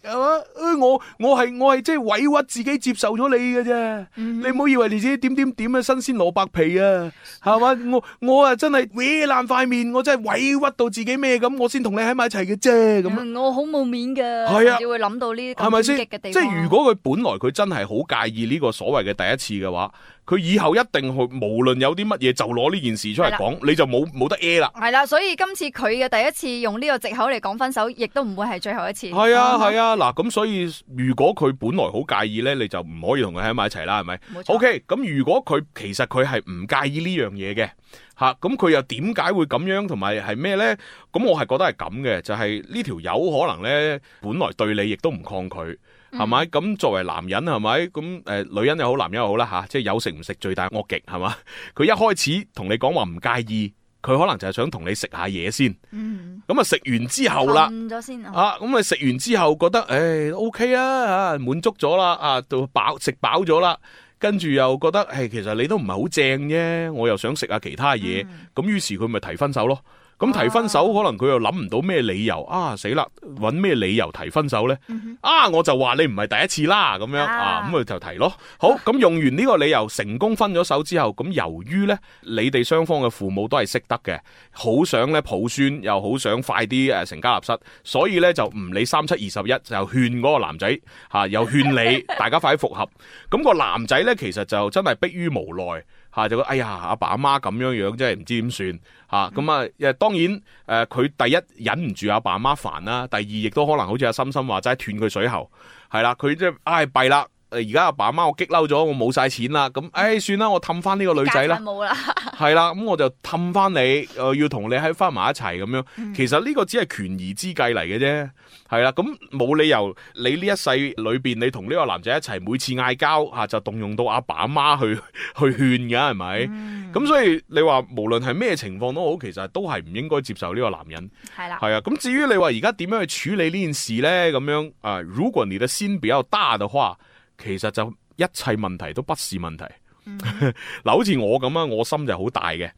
係嘛？誒，我我係我係即係委屈自己接受咗你嘅啫。Mm hmm. 你唔好以為你自己點點點啊新鮮蘿蔔皮啊，係嘛？ 我我啊真係搲爛塊面，我真係委屈到自己咩咁，我先同你喺埋一齊嘅啫。咁、嗯，我好冇面噶，只、啊、會諗到呢啲咁刺激嘅地方。即係如果佢本來佢真係好介意呢個所謂嘅第一次嘅話。佢以後一定去，無論有啲乜嘢，就攞呢件事出嚟講，了你就冇冇得 a i 啦。係啦，所以今次佢嘅第一次用呢個藉口嚟講分手，亦都唔會係最後一次。係了啊，係了啊，嗱，咁所以如果佢本來好介意咧，你就唔可以同佢喺埋一齊啦，係咪冇錯？OK，咁如果佢其實佢係唔介意、啊、樣呢樣嘢嘅，嚇，咁佢又點解會咁樣同埋係咩咧？咁我係覺得係咁嘅，就係呢條友可能咧，本來對你亦都唔抗拒。係咪咁？作為男人係咪咁？誒、呃，女人又好，男人又好啦吓、啊，即係有食唔食罪大惡極係嘛？佢一開始同你講話唔介意，佢可能就係想同你食下嘢先。嗯。咁啊，食完之後啦。瞓咗先啊。咁啊，食完之後覺得，誒，O K 啊，吓滿足咗啦，啊，就飽食飽咗啦，跟住又覺得，誒、欸，其實你都唔係好正啫，我又想食下其他嘢。咁於、嗯、是佢咪提分手咯。咁提分手，可能佢又諗唔到咩理由啊，死啦，搵咩理由提分手呢？啊，我就話你唔係第一次啦咁樣啊，咁佢、啊、就提咯。好，咁用完呢個理由成功分咗手之後，咁由於呢，你哋雙方嘅父母都係識得嘅，好想咧抱孫，又好想快啲誒成家立室，所以呢就唔理三七二十一，就, 3, 7, 21, 就勸嗰個男仔嚇、啊、又勸你 大家快啲復合。咁、個男仔呢，其實就真係迫於無奈。吓就覺得，哎呀，阿爸阿媽咁樣樣，真係唔知點算吓，咁、嗯、啊，因為當然，誒、呃，佢第一忍唔住阿爸阿媽煩啦，第二亦都可能好似阿心心話齋斷佢水喉，係啦，佢即係唉弊啦。哎而家阿爸媽我激嬲咗，我冇晒錢啦，咁、哎、誒算啦，我氹翻呢個女仔啦，冇啦，係啦， 咁我就氹翻你，我要同你喺翻埋一齊咁樣。其實呢個只係權宜之計嚟嘅啫，係啦，咁冇理由你呢一世裏邊你同呢個男仔一齊，每次嗌交吓就動用到阿爸媽去去勸㗎係咪？咁、嗯、所以你話無論係咩情況都好，其實都係唔應該接受呢個男人。係啦的，係啊，咁至於你話而家點樣去處理呢件事咧，咁樣啊，如果你嘅先比較大嘅話。其實就一切問題都不是問題，mm。嗱，好似我咁啊，我心就好大嘅。誒、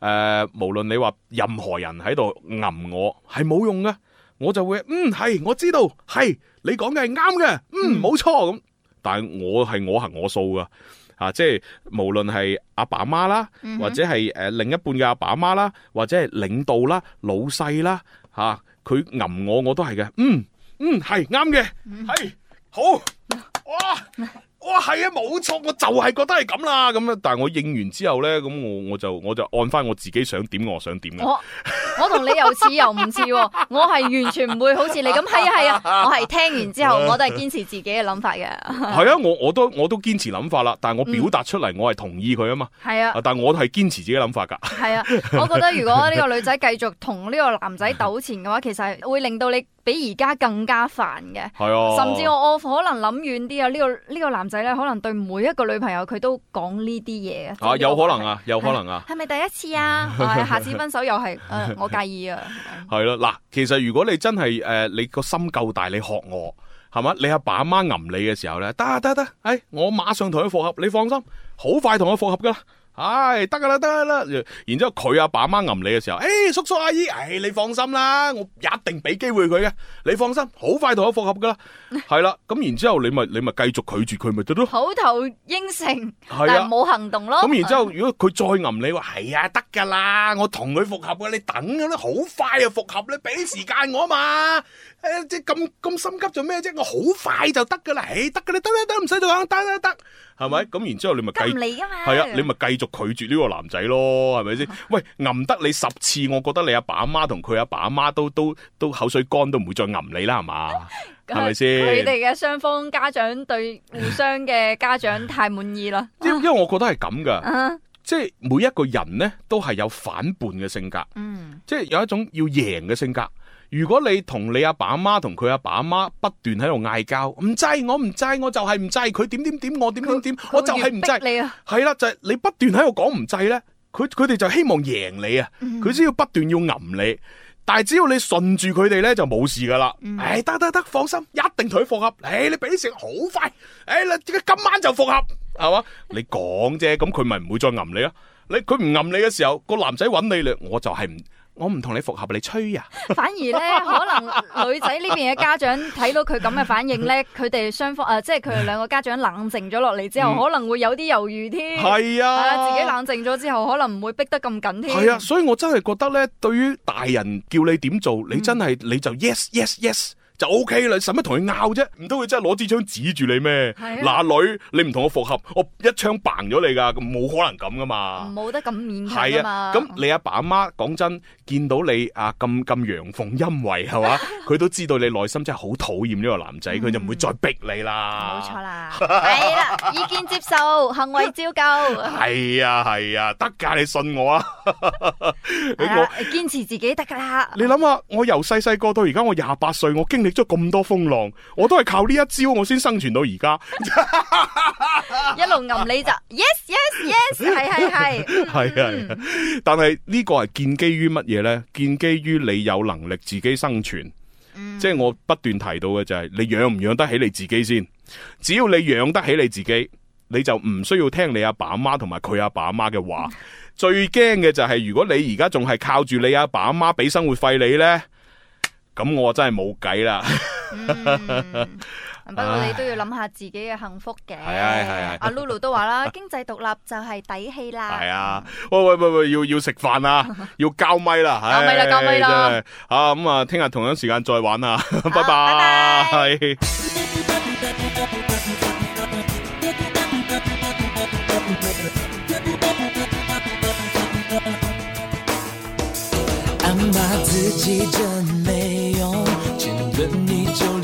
呃，無論你話任何人喺度吟我，係冇用噶。我就會嗯係，我知道係你講嘅係啱嘅，嗯，冇錯咁。但係我係我行我素噶，吓、啊，即係無論係阿爸媽啦，或者係誒另一半嘅阿爸媽啦，或者係領導啦、老細啦，吓、啊，佢吟我我都係嘅。嗯嗯，係啱嘅，係。Mm hmm. 好，哇哇係啊，冇錯，我就係覺得係咁啦，咁樣，但係我應完之後咧，咁我我就我就按翻我自己想點，我想點 我我同你又似又唔似，我係完全唔會好似你咁，係啊係啊，我係聽完之後 我都係堅持自己嘅諗法嘅。係啊，我我都我都堅持諗法啦，但係我表達出嚟，我係同意佢啊嘛。係啊、嗯，但係我係堅持自己諗法噶、啊。係 啊，我覺得如果呢個女仔繼續同呢個男仔糾纏嘅話，其實係會令到你。比而家更加煩嘅，係啊、哎喲，甚至我我可能諗遠啲啊，呢、這個呢、這個男仔咧，可能對每一個女朋友佢都講呢啲嘢啊，這個、有可能啊，有可能啊，係咪是第一次啊？下次分手又係，我介意啊，係咯，嗱、哎，其實如果你真係誒，你個心夠大，你學我係嘛，你阿爸阿媽揞你嘅時候咧，得得得，誒，我馬上同佢復合，你放心，好快同佢復合噶啦。唉，得噶啦，得啦，然之後佢阿爸阿媽揞你嘅時候，誒、哎、叔叔阿姨，誒、哎、你放心啦，我一定俾機會佢嘅，你放心，好快同佢復合噶啦，係啦，咁然之後你咪你咪繼續拒絕佢咪得咯，口頭應承係，冇行動咯。咁然之後如果佢再揞你話係啊，得噶啦，我同佢復合噶，你等啦，好快就復合，你俾時間我嘛。 誒！即係咁咁心急做咩啫？我、啊、好快就得噶啦，誒得噶啦，得得得，唔使再講，得得得，係咪？咁然之後你咪繼續唔嚟噶嘛？係啊，你咪繼續拒絕呢個男仔咯，係咪先？喂，揞得你十次，我覺得你阿爸阿媽同佢阿爸阿媽都都都，都口水乾都唔會再揞你啦，係嘛？係咪先？佢哋嘅雙方家長對互相嘅家長太滿意啦。因 因為我覺得係咁噶，啊、即係每一個人咧都係有反叛嘅性格，嗯，即係有一種要贏嘅性格。如果你同你阿爸阿媽同佢阿爸阿媽不斷喺度嗌交，唔制，我唔制，我就係唔制，佢點點點，我點點點，我就係唔制。係啦、嗯，就係、是、你不斷喺度講唔制咧，佢佢哋就希望贏你啊，佢只要不斷要揞你，但係只要你順住佢哋咧就冇事噶啦。唉、嗯，得得得，放心，一定同佢復合。唉、哎，你俾啲食好快，唉、哎、啦，依家今晚就復合，係嘛？你講啫，咁佢咪唔會再揞你啊？你佢唔揞你嘅時候，個男仔揾你咧，我就係唔。我唔同你復合，你吹啊，反而呢， 可能女仔呢邊嘅家長睇到佢咁嘅反應呢，佢哋雙方誒、啊，即係佢哋兩個家長冷靜咗落嚟之後，可能會有啲猶豫添。係啊，自己冷靜咗之後，可能唔會逼得咁緊添。係啊，所以我真係覺得呢，對於大人叫你點做，你真係、嗯、你就 yes yes yes。就 OK 啦，使乜同佢拗啫？唔通佢真係攞支槍指住你咩？嗱，女，你唔同我復合，我一槍嘭咗你噶，咁冇可能咁噶嘛？冇得咁勉強啊嘛！咁、啊、你阿爸阿媽講真，見到你啊咁咁陽奉陰違係嘛，佢 都知道你內心真係好討厭呢個男仔，佢 就唔會再逼你 啦。冇錯啦，係啦，意見接受，行為照舊。係啊係啊，得噶、啊啊，你信我 啊！堅持自己得噶啦。你諗下，我由細細個到而家，我廿八歲，我經歷，咗咁多風浪，我都係靠呢一招，我先生存到而家。 一路吟，你就 yes yes yes，係係係，係係呀。但係呢個係建基於乜嘢呢？建基於你有能力自己生存。即係、嗯、我不斷提到嘅就係、是、你養唔養得起你自己先。只要你養得起你自己，你就唔需要聽你阿爸阿媽同埋佢阿爸阿媽嘅話。嗯、最驚嘅就係如果你而家仲係靠住你阿爸阿媽俾生活費你呢。咁我真係冇計啦。 不過你都要諗下自己嘅幸福嘅。係啊係啊。阿 Lulu 都話啦，經濟獨立就係底氣啦。係 啊。喂喂喂喂，要要食飯啊，要交咪啦，交咪啦交咪啦。啊咁啊，聽日同樣時間再玩啊，拜拜。拜拜。係。